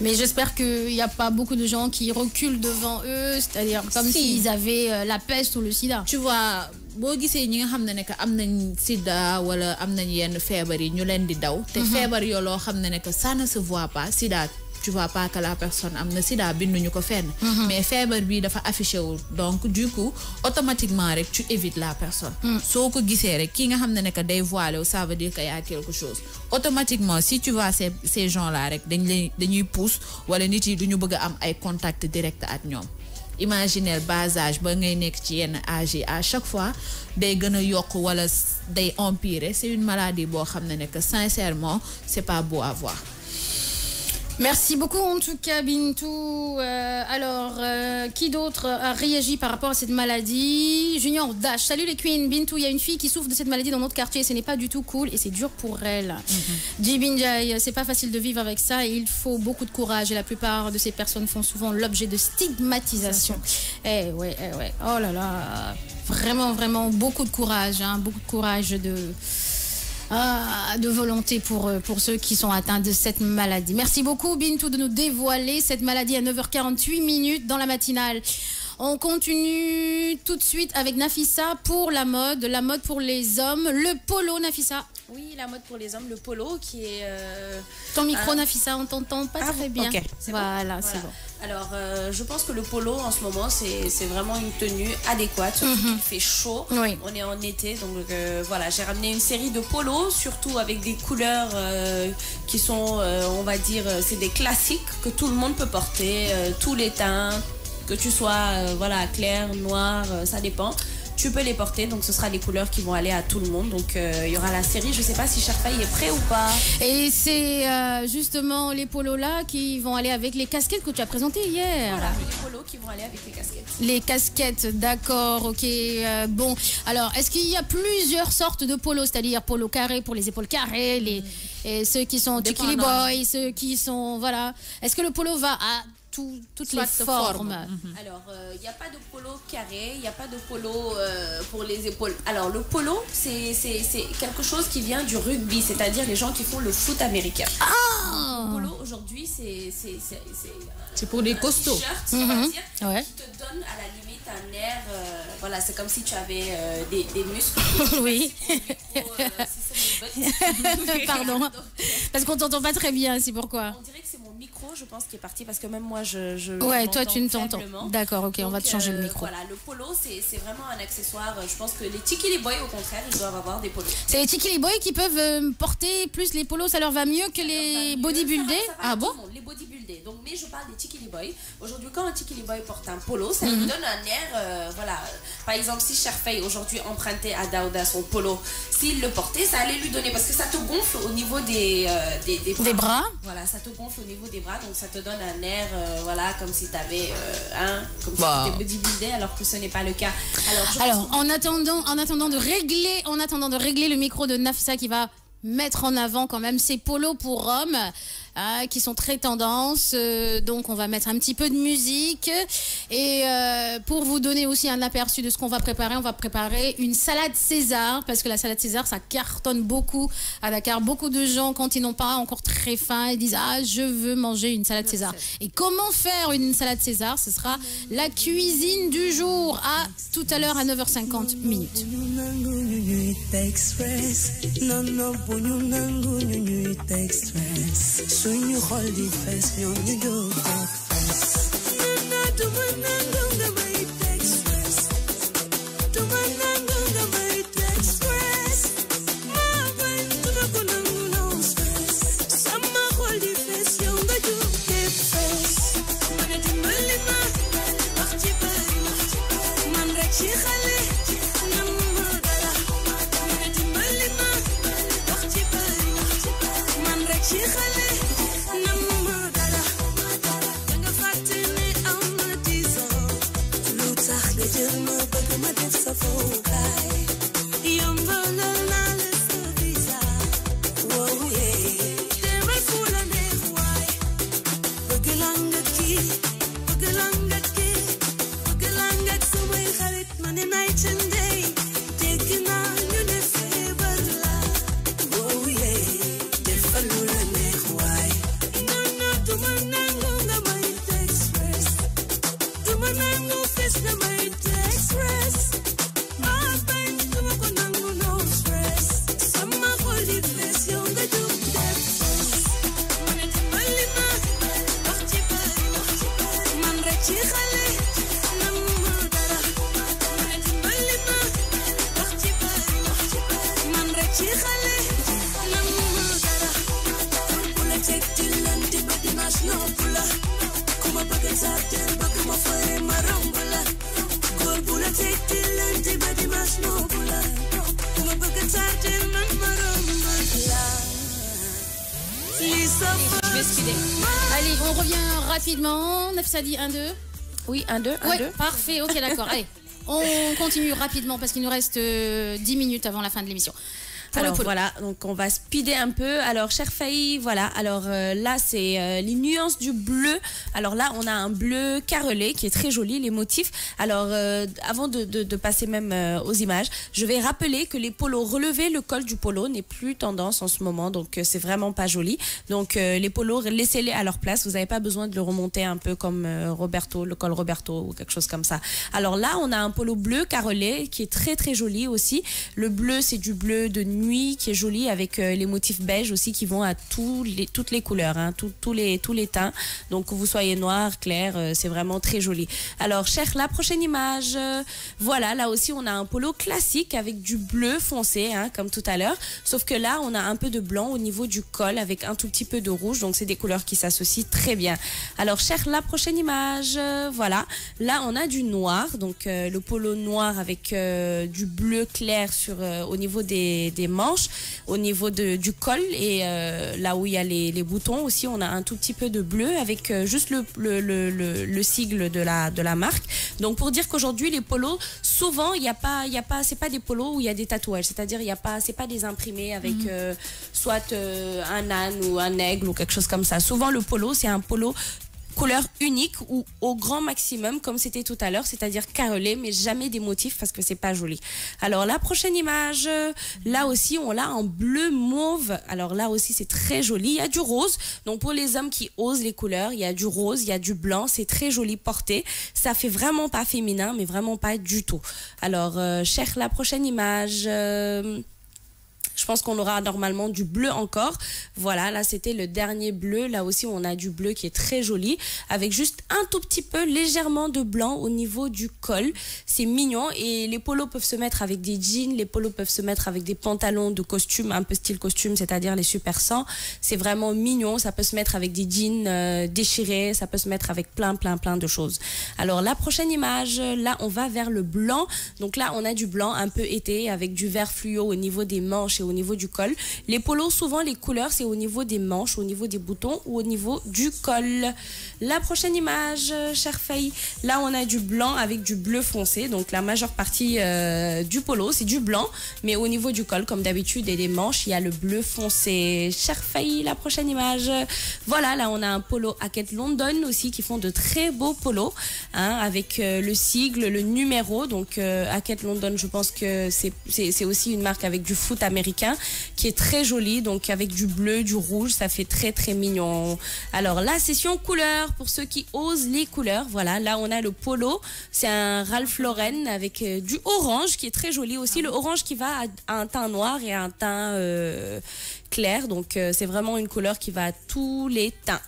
Speaker 1: mais j'espère qu'il n'y a pas beaucoup de gens qui reculent devant eux, c'est-à-dire comme s'ils avaient euh, la peste ou le sida. Tu vois, boo gisee ñi nga xam ne nekk am nañ sida
Speaker 2: wala am nañ yenn feebar yi ñu leen di daw te mhm. feebar yoo loo xam ne nekk ça ne se voit pas sida tu vois pas que la personne am na sida binduñu ko fenn mhm. mais feebar bi dafa affiché wul donc du coup automatiquement rek tu évites la personne mm. soo ko gisee rek ki nga xam ne nekk day voilé ça veut dire que y a quelque chose automatiquement si tu vois ces ces gens là rek dañ lay dañuy pousse wala nit yi du ñu bëgg a am ay contact direct ak ñoom le bas âge ba ngay nek ci yenn âge à chaque fois day gëna yok wala day empirer c'est une maladie bo xamné que sincèrement c'est pas beau à voir
Speaker 1: Merci beaucoup en tout cas Bintou. Euh, alors, euh, qui d'autre a réagi par rapport à cette maladie Junior Dash, salut les queens. Bintou, il y a une fille qui souffre de cette maladie dans notre quartier, ce n'est pas du tout cool et c'est dur pour elle. Mhm. Jibinjai, mm c'est pas facile de vivre avec ça et il faut beaucoup de courage et la plupart de ces personnes font souvent l'objet de stigmatisation. Eh ouais, eh ouais. Oh là là, vraiment, vraiment beaucoup de courage, hein, beaucoup de courage de... Ah, de volonté pour, euh, pour ceux qui sont atteints de cette maladie. Merci beaucoup Bintou de nous dévoiler cette maladie à 9h48 minutes dans la matinale. On continue tout de suite avec Nafissa pour la mode, la mode pour les hommes, le polo
Speaker 3: Nafissa. Oui, la mode pour les hommes, le polo qui est... Euh, Ton micro
Speaker 1: Nafissa, on t'entend pas ah, très bien. Ok, voilà, c'est bon.
Speaker 3: Alors, euh, je pense que le polo en ce moment, c'est vraiment une tenue adéquate. Mhm. Il fait chaud. Oui. On est en été. Donc, euh, voilà, j'ai ramené une série de polos, surtout avec des couleurs qui sont, on va dire, c'est des classiques que tout le monde peut porter, tous les teints, que tu sois euh, voilà, clair, noir, euh, ça dépend. Tu peux les porter, donc ce sera les couleurs qui vont aller à tout le monde. Donc euh, il y aura la série. Je ne sais pas si chaque est prêt ou pas.
Speaker 1: Et c'est justement les polos là qui vont aller avec les casquettes que tu as présentées hier. Voilà, les polos qui vont aller avec les casquettes. Les casquettes, d'accord, ok. bon, alors est-ce qu'il y a plusieurs sortes de polos, c'est-à-dire polo carré pour les épaules carrées, les mm. et ceux qui sont Chiquili boys ceux qui sont voilà. Est-ce que le polo
Speaker 3: va à toutes les formes. Mhm. Mhm. Alors, il euh, n'y a pas de polo carré, il n'y a pas de polo euh, pour les épaules. Alors, le polo, c'est quelque chose qui vient du rugby, c'est-à-dire les gens qui font le foot américain. Ah le polo, aujourd'hui, c'est... C'est euh, pour les costauds. Shirt, mm -hmm. ouais. qui te donne à la limite un air... voilà, c'est comme si tu avais des, muscles. oui. Pardon.
Speaker 1: Parce qu'on t'entend pas très bien, c'est pourquoi. On
Speaker 3: dirait que c'est mon je pense, qu'il est parti parce que même moi, je. je ouais, toi, tu ne t'entends. D'accord, ok, on va te changer le euh, micro. Voilà, le polo, c'est vraiment un accessoire. Euh, je pense que les Tikili Boys, au contraire, ils doivent avoir des polos. C'est les Tikili
Speaker 1: Boys qui peuvent euh, porter plus les polos, ça leur va mieux que les bodybuildés Ah bon
Speaker 3: Les bodybuildés. Donc, mais je parle des Tikili Boys. Aujourd'hui, quand un Tikili Boy porte un polo, ça lui mhm. donne un air. voilà. Par exemple, si Cherfei aujourd'hui empruntait à Daouda son polo, s'il le portait, ça allait lui donner parce que ça te gonfle au niveau des, des, des bras. Des bras Voilà, ça te gonfle au niveau des bras donc ça te donne un air, euh, voilà, comme si tu avais, euh, hein, comme bah. alors que ce n'est pas le cas.
Speaker 1: Alors, en, attendant, en, attendant de régler, en attendant de régler le micro de Nafsa qui va mettre en avant quand même ses polos pour hommes. Hein, qui sont très tendances. Euh, donc on va mettre un petit peu de musique. Et euh, pour vous donner aussi un aperçu de ce qu'on va préparer, on va préparer une salade César, parce que la salade César, ça cartonne beaucoup à Dakar. Beaucoup de gens, quand ils n'ont pas encore très faim, ils disent, ah, je veux manger une salade César. Et comment faire une salade César Ce sera la cuisine du jour à tout à l'heure à 9h50 minutes.
Speaker 4: So you hold the face, you know you're the face.
Speaker 1: ça dit 1, 2 Oui, 1, 2, Parfait, ok, d'accord. Allez,
Speaker 3: on continue rapidement parce qu'il nous reste 10 euh, minutes avant la fin de l'émission. alors voilà, donc on va speeder un peu. Alors cher Faï, voilà, alors euh, là c'est euh, les nuances du bleu. Alors là on a un bleu carrelé qui est très joli, les motifs. Alors, euh, avant de, de, passer même euh, aux images, je vais rappeler que les polos relevés, le col du polo n'est plus tendance en ce moment, donc euh, c'est vraiment pas joli. Donc, les polos, laissez-les à leur place. Vous n'avez pas besoin de le remonter un peu comme Roberto, le col Roberto ou quelque chose comme ça. Alors là, on a un polo bleu carrelé qui est très très joli aussi. Le bleu, c'est du bleu de nuit qui est joli avec les motifs beige aussi qui vont à tous les, toutes les couleurs, hein, tous les tous les teints. Donc, que vous soyez noir, clair, c'est vraiment très joli. Alors, cher, la prochaine image. Voilà, là aussi, on a un polo classique avec du bleu foncé, hein, comme tout à l'heure. Sauf que là, on a un peu de blanc au niveau du col avec un tout petit peu de rouge. Donc, c'est des couleurs qui s'associent très bien. Alors, cher, la prochaine image. Euh, voilà, là, on a du noir. Donc, euh, le polo noir avec euh, du bleu clair sur, au niveau des, manches, au niveau du col et là où il y a les, boutons aussi, on a un tout petit peu de bleu avec juste le, le, sigle de la, de la marque. Donc, pour dire qu'aujourd'hui, les polos, souvent, il n'est a pas, il a pas, c'est pas des polos où il y a des tatouages. C'est-à-dire, il y a pas, c'est pas des imprimés avec mhm. euh, soit euh, un âne ou un aigle ou quelque chose comme ça. Souvent, le polo, c'est un polo couleur unique ou au grand maximum comme c'était tout à l'heure, c'est-à-dire carrelé mais jamais des motifs parce que c'est pas joli. Alors la prochaine image, là aussi on l'a en bleu mauve. Alors là aussi c'est très joli, il y a du rose. Donc pour les hommes qui osent les couleurs, il y a du rose, il y a du blanc, c'est très joli porté. Ça fait vraiment pas féminin mais vraiment pas du tout. Alors euh, cher la prochaine image euh, je pense qu'on aura normalement du bleu encore. Voilà, là c'était le dernier bleu. Là aussi on a du bleu qui est très joli avec juste un tout petit peu légèrement de blanc au niveau du col. C'est mignon et les polos peuvent se mettre avec des jeans, les polos peuvent se mettre avec des pantalons de costume, un peu style costume, c'est-à-dire les super 100. C'est vraiment mignon. Ça peut se mettre avec des jeans euh, déchirés, ça peut se mettre avec plein, plein, plein de choses. Alors la prochaine image, là on va vers le blanc. Donc là on a du blanc un peu été avec du vert fluo au niveau des manches et au au niveau du col. Les polos, souvent, les couleurs, c'est au niveau des manches, au niveau des boutons ou au niveau du col. La prochaine image, chère Là, on a du blanc avec du bleu foncé. Donc, la majeure partie euh, du polo, c'est du blanc. Mais au niveau du col, comme d'habitude, et des manches, il y a le bleu foncé. Chère Faye, la prochaine image. Voilà, là, on a un polo Hackett London aussi qui font de très beaux polos hein, avec euh, le sigle, le numéro. Donc, euh, Hackett London, je pense que c'est aussi une marque avec du foot américain qui est très joli, donc avec du bleu, du rouge, ça fait très très mignon. Alors la session couleur pour ceux qui osent les couleurs, voilà, là on a le polo, c'est un Ralph Lauren avec euh, du orange qui est très joli aussi, le orange qui va à un teint noir et un teint euh, clair, donc euh, c'est vraiment une couleur qui va à tous les teints.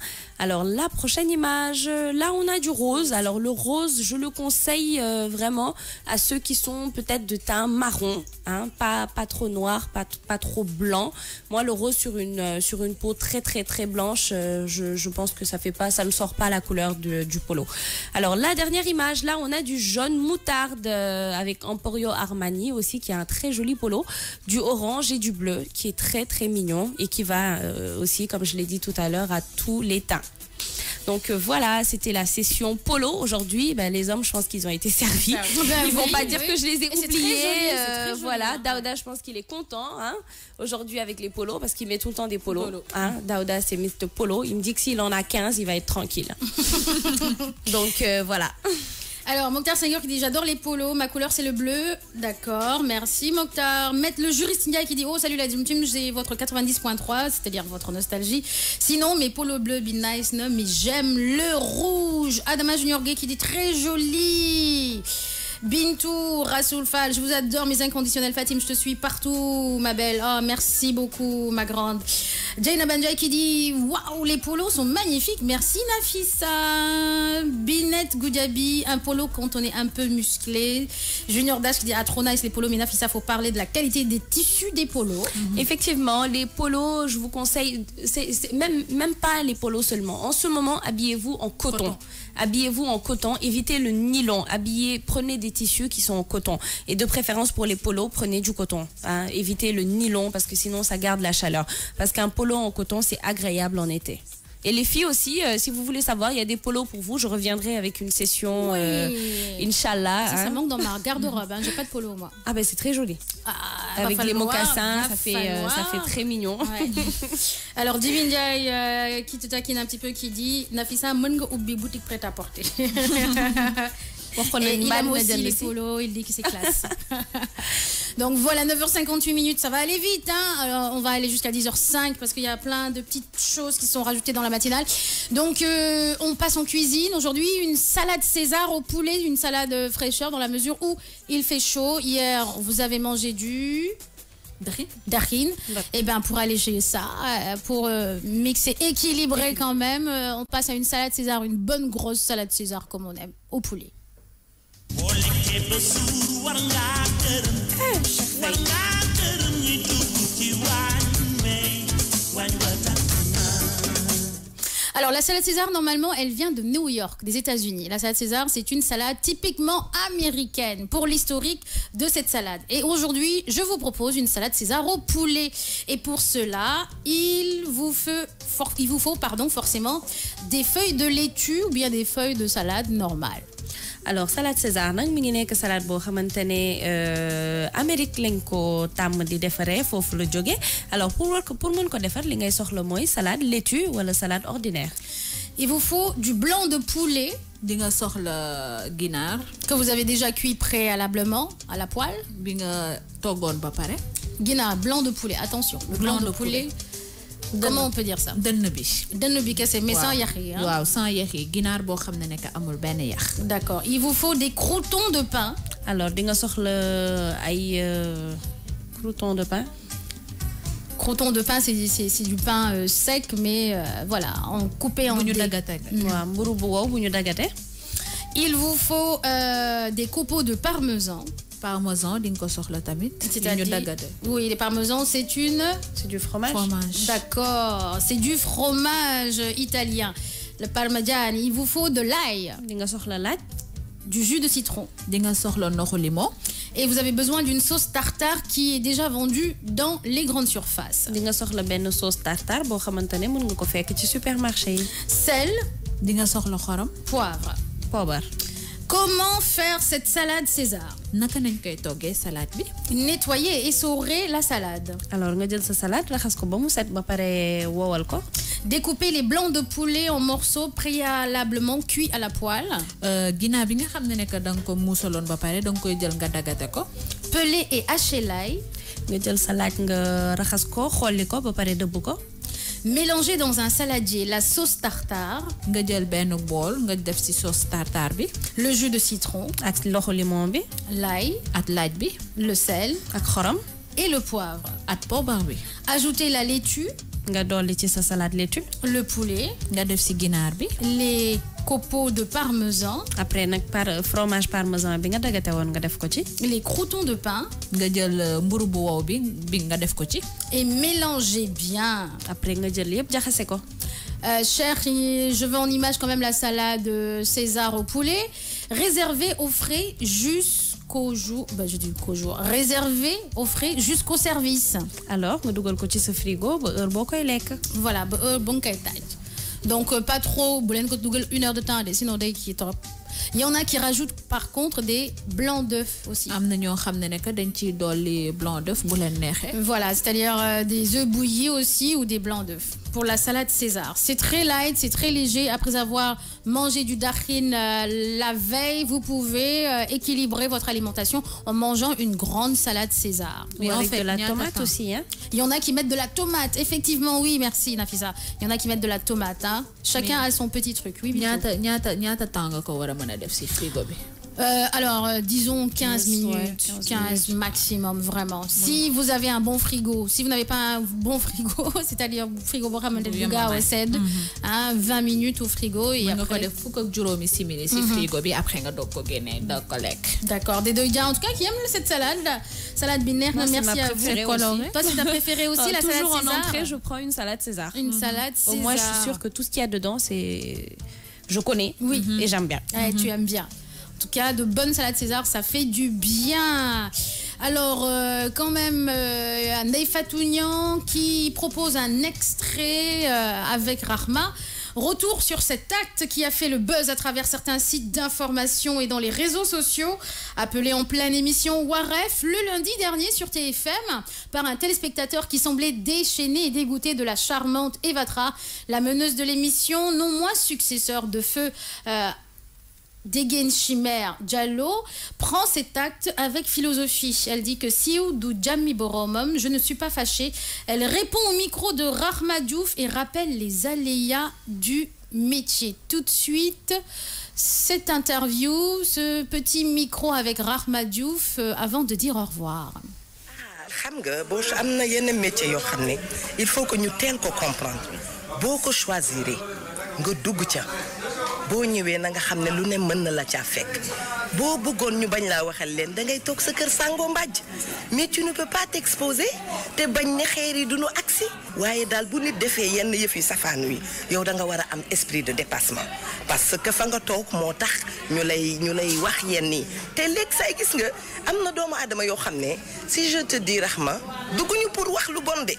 Speaker 3: Alors la prochaine image, là on a du rose. Alors le rose, je le conseille euh, vraiment à ceux qui sont peut-être de teint marron, hein, pas pas trop noir, pas trop blanc. Moi le rose sur une euh, sur une peau très très très blanche, euh, je, pense que ça fait pas, ça ne sort pas la couleur du polo. Alors la dernière image, là on a du jaune moutarde avec Emporio Armani aussi qui a un très joli polo, du orange et du bleu qui est très très mignon et qui va aussi, comme je l'ai dit tout à l'heure, à tous les teints. Donc euh, voilà, c'était la session polo. Aujourd'hui, ben, les hommes, je pense qu'ils ont été servis. Ah Ils vont pas dire que je les ai oubliés. Euh, voilà, hein. Daouda, je pense qu'il est content hein, aujourd'hui avec les polos parce qu'il met tout le temps des polos. Polo. Hein. Daouda, c'est Mr. Polo. Il me dit que s'il en a 15, il va être tranquille. Donc euh, voilà.
Speaker 1: Alors, Mokhtar Senghor qui dit J'adore les polos, ma couleur c'est le bleu. D'accord, merci Mokhtar. mettre le juriste qui dit Oh, salut la team j'ai votre 90.3, c'est-à-dire votre nostalgie. Sinon, mes polos bleus, be nice, non, mais j'aime le rouge. Adama Junior Gay qui dit Très joli. Bintou, Rasoul Fall, je vous adore, mes inconditionnels. Fatim, je te suis partout, ma belle. Oh, merci beaucoup, ma grande. Jane Banjai qui dit Waouh, les polos sont magnifiques. Merci, Nafissa. Binette Goudjabi, un polo quand on est un peu musclé. Junior Dash qui dit Ah, trop nice les polos, mais Nafissa, faut parler de la qualité des tissus des polos. Mhm. Effectivement,
Speaker 3: les polos, je vous conseille, même, même pas les polos seulement. En ce moment, habillez-vous en coton. Habillez-vous en coton, évitez le nylon. Habillez, prenez des tissus qui sont en coton. Et de préférence pour les polos, prenez du coton. Hein. Évitez le nylon parce que sinon ça garde la chaleur. Parce qu'un polo en coton, c'est agréable en été. Et les filles aussi, euh, si vous voulez savoir, il y a des polos pour vous. Je reviendrai avec une session, euh, Inch'Allah. Ça, hein. manque dans
Speaker 1: ma garde-robe. Hein. J'ai pas de polo, moi. Ah, ben c'est très joli. Ah,
Speaker 3: avec les mocassins, ça fait, euh, ça fait très
Speaker 1: mignon. Alors Divine euh, qui te taquine un petit peu, qui dit Nafisa, Mungo ou boutique prête à porter. Et il aime aussi les polos, il dit que c'est classe. Donc voilà, 9h58 minutes, ça va aller vite. Hein. on va aller jusqu'à 10h05 parce qu'il y a plein de petites choses qui sont rajoutées dans la matinale. Donc euh, on passe en cuisine. Aujourd'hui, une salade César au poulet, une salade fraîcheur dans la mesure où il fait chaud. Hier, vous avez mangé du... Darine. Et eh ben pour alléger ça, pour euh, mixer, équilibrer quand même, euh, on passe à une salade César, une bonne grosse salade César comme on aime, au poulet. Alors la salade César, normalement, elle vient de New York, des États-Unis. La salade César, c'est une salade typiquement américaine pour l'historique de cette salade. Et aujourd'hui, je vous propose une salade César au poulet. Et pour cela, il vous faut, pardon, forcément des feuilles
Speaker 3: de laitue ou bien des feuilles de salade normales alors salade César nak mi ngi salade bo xamante euh Amérique lañ ko tam di defaree fofu la jóge alors pour pour mën ko defar li ngay soxla moy salade laitue wala salade ordinaire. il vous faut du blanc de poulet. di nga soxla ginaar. que vous avez déjà cuit
Speaker 1: préalablement à la poêle. bi togon ba paré ginar blanc de poulet attention. le blanc de poulet comment on peut dire ça dënn bi dënn bi kese mais sans yax Hein? waaw
Speaker 2: sans yax Guinar ginaar boo xam amul ben yax d'accord il vous faut des croutons de pain
Speaker 1: alors di nga le euh, ay euh, croutons de pain Croûtons de pain, c'est c'est c'est du pain euh, sec, mais euh, voilà, en coupé en dés. Mm. Il vous faut euh, des copeaux de parmesan parmesan di nga ko soxla tamit. cest à oui le parmesan c'est une. c'est du fromage fromage. d'accord c'est du fromage italien le parmigiano il vous faut de l'ail. di nga soxla du jus de citron. di nga soxla ndoxu et vous avez besoin d'une sauce tartare qui est déjà vendue dans les grandes surfaces.
Speaker 3: di nga soxla benn sauce tartare boo xamante ne mën nga ko fekk ci supermarché sel. di nga soxla xorom. poivre. poobar. Comment faire cette salade César
Speaker 1: naka nañ koy toggee salade bi. nettoyer essorer la salade. alors nga jël sa salade
Speaker 3: raxas ko ba mu set ba pare wowal ko.
Speaker 1: découper les blancs de poulet en morceaux préalablement cuits à la poêle. Euh, Gina bi nga xam ne nekk da nga ko muusaloon ba pare da koy jël nga ko. peler et hacher l'ail. nga jël sa laaj nga raxas ko xolli ko ba pare dëbb ko mélanger dans un saladier la sauce tartare. nga jël benn bool nga def ci sauce tartare bi. le jus de citron. ak loxo limon bi. l'ail ak laaj bi. le sel. ak xorom. et le poivre. ak poobar bi.
Speaker 3: ajouter la laitue nga dolli ci sa salade laitue. le poulet. nga def ci ginaar bi. les copeaux de parmesan. après nak par fromage parmesan bi nga dagate won nga def
Speaker 1: ko ci. les croutons de pain. nga jël euh, mburu bu wow bi bi nga def ko ci. et mélangez bien. après nga jël yëpp jaxase ko. Euh, cher, je veux en image quand même la salade euh, César au poulet, réservée au frais juste kojou, bah je dis Kojo, réservé au frais jusqu'au service. Alors, nga dugal ko ci frigo ba heure voilà ba heure donc euh, pas trop bu leen ko une heure de temps de sinon day kii trop. Il y en a qui rajoutent par contre des blancs d'œufs aussi. Voilà, c'est-à-dire euh, des œufs bouillis aussi ou des blancs d'œufs pour la salade César. C'est très light, c'est très léger. Après avoir mangé du dachin euh, la veille, vous pouvez euh, équilibrer votre alimentation en mangeant une grande salade César. Mais y en avec fait, de la tomate aussi. Hein? Il y en a qui mettent de la tomate, effectivement, oui, merci Nafisa. Il y en a qui mettent de la tomate. Hein. Chacun a son petit truc. Oui, euh, alors, euh, disons 15 minutes, 15, maximum, vraiment. Si vous avez un bon frigo, si vous n'avez pas un bon frigo, c'est-à-dire frigo pour ramener du gars au CED, 20 minutes au frigo et après... Mhm. D'accord, des deux gars, en tout cas, qui aiment cette salade, la salade binaire, merci à vous. Toi, c'est ta préférée aussi, euh, la salade César Toujours en entrée, je
Speaker 3: prends une salade César. Une salade César. Au je suis sûre que tout ce qu'il y a dedans, c'est je connais oui. et j'aime bien. tu mhm. aimes
Speaker 1: bien. En tout cas, de bonnes salades César, ça fait du bien. Alors, euh, quand même, euh, un qui propose un extrait euh, avec Rahma. Retour sur cet acte qui a fait le buzz à travers certains sites d'information et dans les réseaux sociaux, appelé en pleine émission Waref le lundi dernier sur TFM par un téléspectateur qui semblait déchaîné et dégoûté de la charmante Evatra, la meneuse de l'émission, non moins successeur de feu euh, Degen Chimère Diallo prend cet acte avec philosophie. Elle dit que si ou du Jammi Boromum, je ne suis pas fâchée. Elle répond au micro de Rahmadiouf et rappelle les aléas du métier. Tout de suite, cette interview, ce petit micro avec Rahmadiouf euh, avant de dire au revoir.
Speaker 5: il faut que nous comprendre beaucoup boo ñëwee na nga xam ne lu ne mën na la caa fekk boo bëggoon ñu bañ laa waxal leen da ngay toog sa kër sàngoo mbàjj mais tu ne peux pas te bañ ne xeer yi du duñu agsi waaye daal bu nit defee yenn yëf yi safaan wi yow da nga war a am esprit de dépassement parce que fa nga toog moo tax ñu lay ñu lay wax yenn yi te lekk say gis nga am na doomu aadama yoo xam ne si je te dis Rahma dugguñu pour wax lu bon de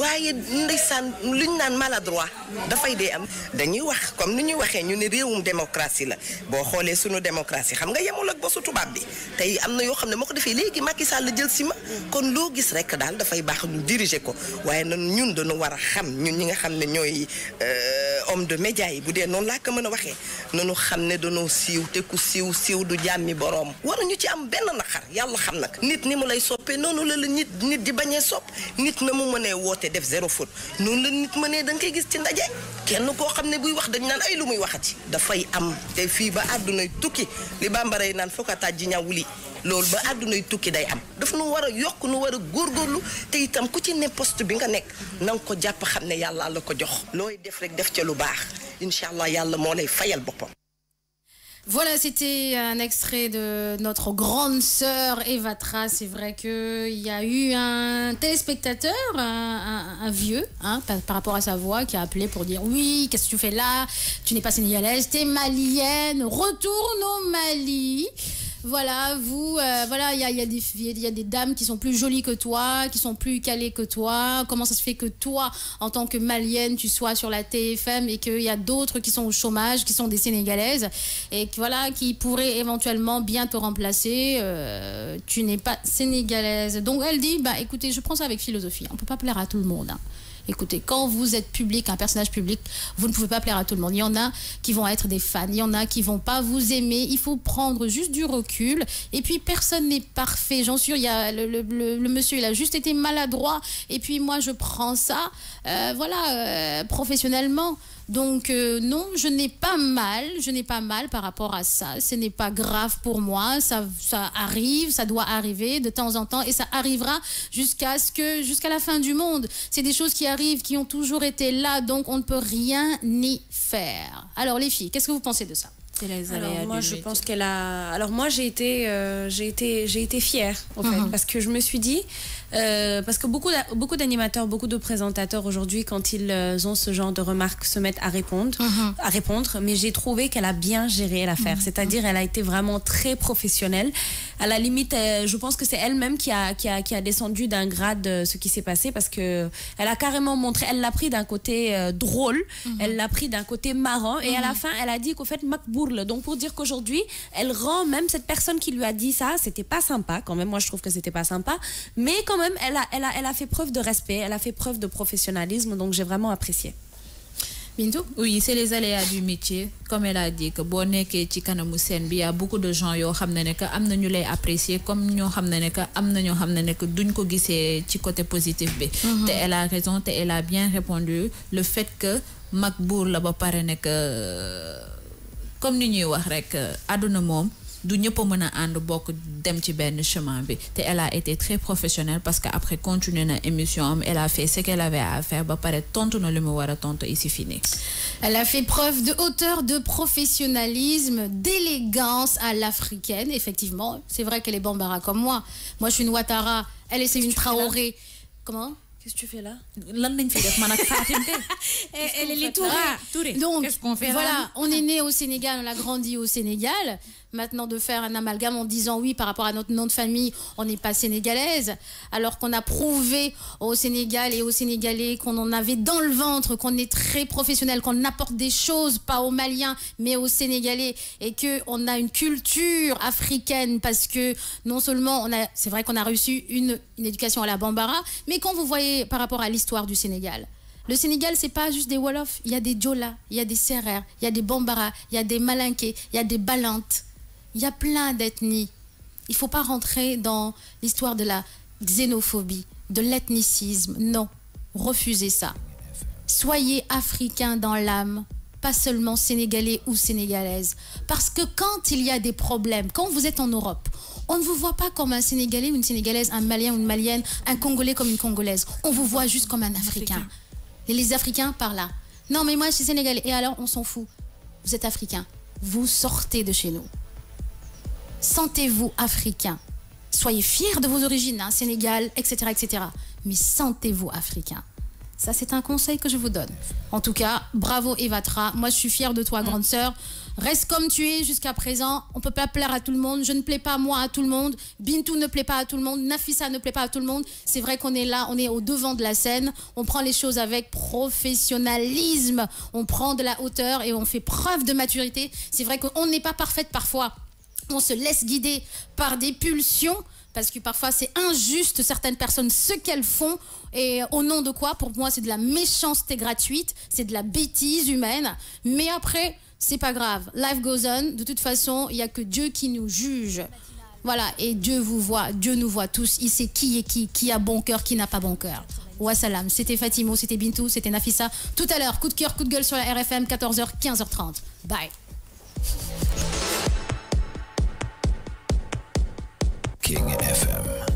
Speaker 5: waaye ndeysaan ñu naan maladroit dafay dee am dañuy wax comme ni ñuy waxee ñu réewum démocratie la boo xoolee sunu démocratie xam nga yemul ak bosu tubaab bi tey am na yoo xam ne moo ko defee léegi Macky Sall la jël si ma kon loo gis rek daal dafay baax ñu diriger ko waaye nan ñun dañu war a xam ñun ñi nga xam ne ñooy homme de média yi bu dee noonu laa ko mën a waxee nanu xam ne danoo siiw te ku siiw siiw du jàmmi boroom waruñu ci am benn naqar yàlla xam nag nit ni mu lay soppee noonu la la nit nit di bañee sopp nit na mu mënee woote def zéro faute noonu la nit mënee da nga koy gis ci ndaje kenn koo xam ne buy wax dañ naan ay lu muy waxati dafay am te fii ba àddunay tukki li bambara yi naan foo ji tàjji ñawuli loolu ba àdduna àddunay tukki day am daf nu war a yokk nu war a góor góorlu te itam ku ci ne post bi nga nekk na ko jàpp xam ne yàlla la ko jox looy def rek def ca lu baax incha allah yàlla moo lay fayal boppam.
Speaker 1: Voilà, c'était un extrait de notre grande sœur Eva C'est vrai qu'il y a eu un téléspectateur, un, vieux, hein, par, par, rapport à sa voix, qui a appelé pour dire Oui, qu'est-ce que tu fais là Tu n'es pas sénégalaise, t'es malienne, retourne au Mali voilà, vous, euh, voilà, il y a, des, dames qui sont plus jolies que toi, qui sont plus calées que toi. Comment ça se fait que toi, en tant que malienne, tu sois sur la TFM et qu'il y a d'autres qui sont au chômage, qui sont des Sénégalaises et voilà, qui pourraient éventuellement bien te remplacer. Euh, tu n'es pas sénégalaise. Donc elle dit, bah écoutez, je prends ça avec philosophie. On peut pas plaire à tout le monde. Hein. Écoutez, quand vous êtes public, un personnage public, vous ne pouvez pas plaire à tout le monde. Il y en a qui vont être des fans, il y en a qui vont pas vous aimer. Il faut prendre juste du recul. Et puis, personne n'est parfait. J'en suis, il y le, monsieur, il a juste été maladroit. Et puis, moi, je prends ça, euh, voilà, euh, professionnellement. Donc euh, non, je n'ai pas mal, je n'ai pas mal par rapport à ça. Ce n'est pas grave pour moi, ça, arrive, ça doit arriver de temps en temps et ça arrivera jusqu'à ce que jusqu'à la fin du monde. C'est des choses qui arrivent, qui ont toujours été là, donc on ne peut rien y faire. Alors les filles,
Speaker 3: qu'est-ce que vous pensez de ça Alors moi, je pense qu'elle a. Alors moi, j'ai été, euh, j'ai été, j'ai été fière uh-huh. parce que je me suis dit, euh, parce que beaucoup, beaucoup d'animateurs, beaucoup de présentateurs aujourd'hui, quand ils euh, ont ce genre de remarques, se mettent à répondre. Mm-hmm. à répondre mais j'ai trouvé qu'elle a bien géré l'affaire. Mm-hmm. C'est-à-dire, elle a été vraiment très professionnelle. À la limite, euh, je pense que c'est elle-même qui a, qui, a, qui a descendu d'un grade ce qui s'est passé parce que elle a carrément montré, elle l'a pris d'un côté drôle, mm-hmm. elle l'a pris d'un côté marrant et à la fin, elle a dit qu'au fait, Macbourle. Donc, pour dire qu'aujourd'hui, elle rend même cette personne qui lui a dit ça, c'était pas sympa quand même. Moi, je trouve que c'était pas sympa. Mais quand même, elle a, elle, a, elle a fait preuve de respect, elle a fait preuve de professionnalisme, donc j'ai vraiment apprécié. Bintou Oui, c'est les aléas du métier.
Speaker 2: Comme elle a dit, que y a beaucoup de gens qui xam am ñu comme nous, xam que am na côté positif mhm. elle a raison elle a bien répondu le fait que mag la ba pare euh, comme ni ñuy wax euh, chemin elle a été très professionnelle parce qu'après continuer une émission elle a fait ce qu'elle avait à faire ici fini.
Speaker 1: elle a fait preuve de hauteur de professionnalisme d'élégance à l'africaine effectivement c'est vrai qu'elle est bambara comme moi moi je suis une Ouattara elle est une Traoré comment.
Speaker 3: Qu'est-ce que tu fais là
Speaker 1: eh, Elle, est les ah, Donc, voilà, ah. on est né au Sénégal, on a grandi au Sénégal. Maintenant, de faire un amalgame en disant oui par rapport à notre nom de famille, on n'est pas sénégalaise, alors qu'on a prouvé au Sénégal et aux Sénégalais qu'on en avait dans le ventre, qu'on est très professionnel, qu'on apporte des choses, pas aux Maliens, mais aux Sénégalais, et qu'on a une culture africaine, parce que non seulement on a, c'est vrai qu'on a reçu une éducation à la Bambara, mais quand vous voyez par rapport à l'histoire du Sénégal. Le Sénégal, c'est pas juste des Wolofs. Il y a des Djola, il y a des Serrères, il y a des Bambara, il y a des Malinqués, il y a des Balantes. Il y a plein d'ethnies. Il faut pas rentrer dans l'histoire de la xénophobie, de l'ethnicisme. Non, refusez ça. Soyez africain dans l'âme, pas seulement sénégalais ou sénégalaise. Parce que quand il y a des problèmes, quand vous êtes en Europe, on ne vous voit pas comme un Sénégalais ou une Sénégalaise, un Malien ou une Malienne, un Congolais comme une Congolaise. On vous voit juste comme un Africain. Et les Africains par là. Non, mais moi, je suis Sénégalais. Et alors, on s'en fout. Vous êtes Africain. Vous sortez de chez nous. Sentez-vous Africain. Soyez fiers de vos origines, hein, Sénégal, etc., etc. Mais sentez-vous Africain. Ça, c'est un conseil que je vous donne. En tout cas, bravo Evatra. Moi, je suis fière de toi, mm. grande sœur. Reste comme tu es jusqu'à présent. On peut pas plaire à tout le monde. Je ne plais pas moi à tout le monde. Bintou ne plaît pas à tout le monde. Nafissa ne plaît pas à tout le monde. C'est vrai qu'on est là, on est au devant de la scène. On prend les choses avec professionnalisme. On prend de la hauteur et on fait preuve de maturité. C'est vrai qu'on n'est pas parfaite parfois. On se laisse guider par des pulsions parce que parfois c'est injuste certaines personnes ce qu'elles font et au nom de quoi Pour moi, c'est de la méchanceté gratuite, c'est de la bêtise humaine. Mais après, c'est pas grave. Life goes on. De toute façon, il y a que Dieu qui nous juge. Voilà, et Dieu vous voit, Dieu nous voit tous. Il sait qui est qui, qui a bon cœur, qui n'a pas bon cœur. Wassalam. C'était Fatimo, c'était Bintou, c'était Nafissa. Tout à l'heure, coup de cœur, coup de gueule sur la RFM, 14h, 15h30. Bye.
Speaker 5: King FM.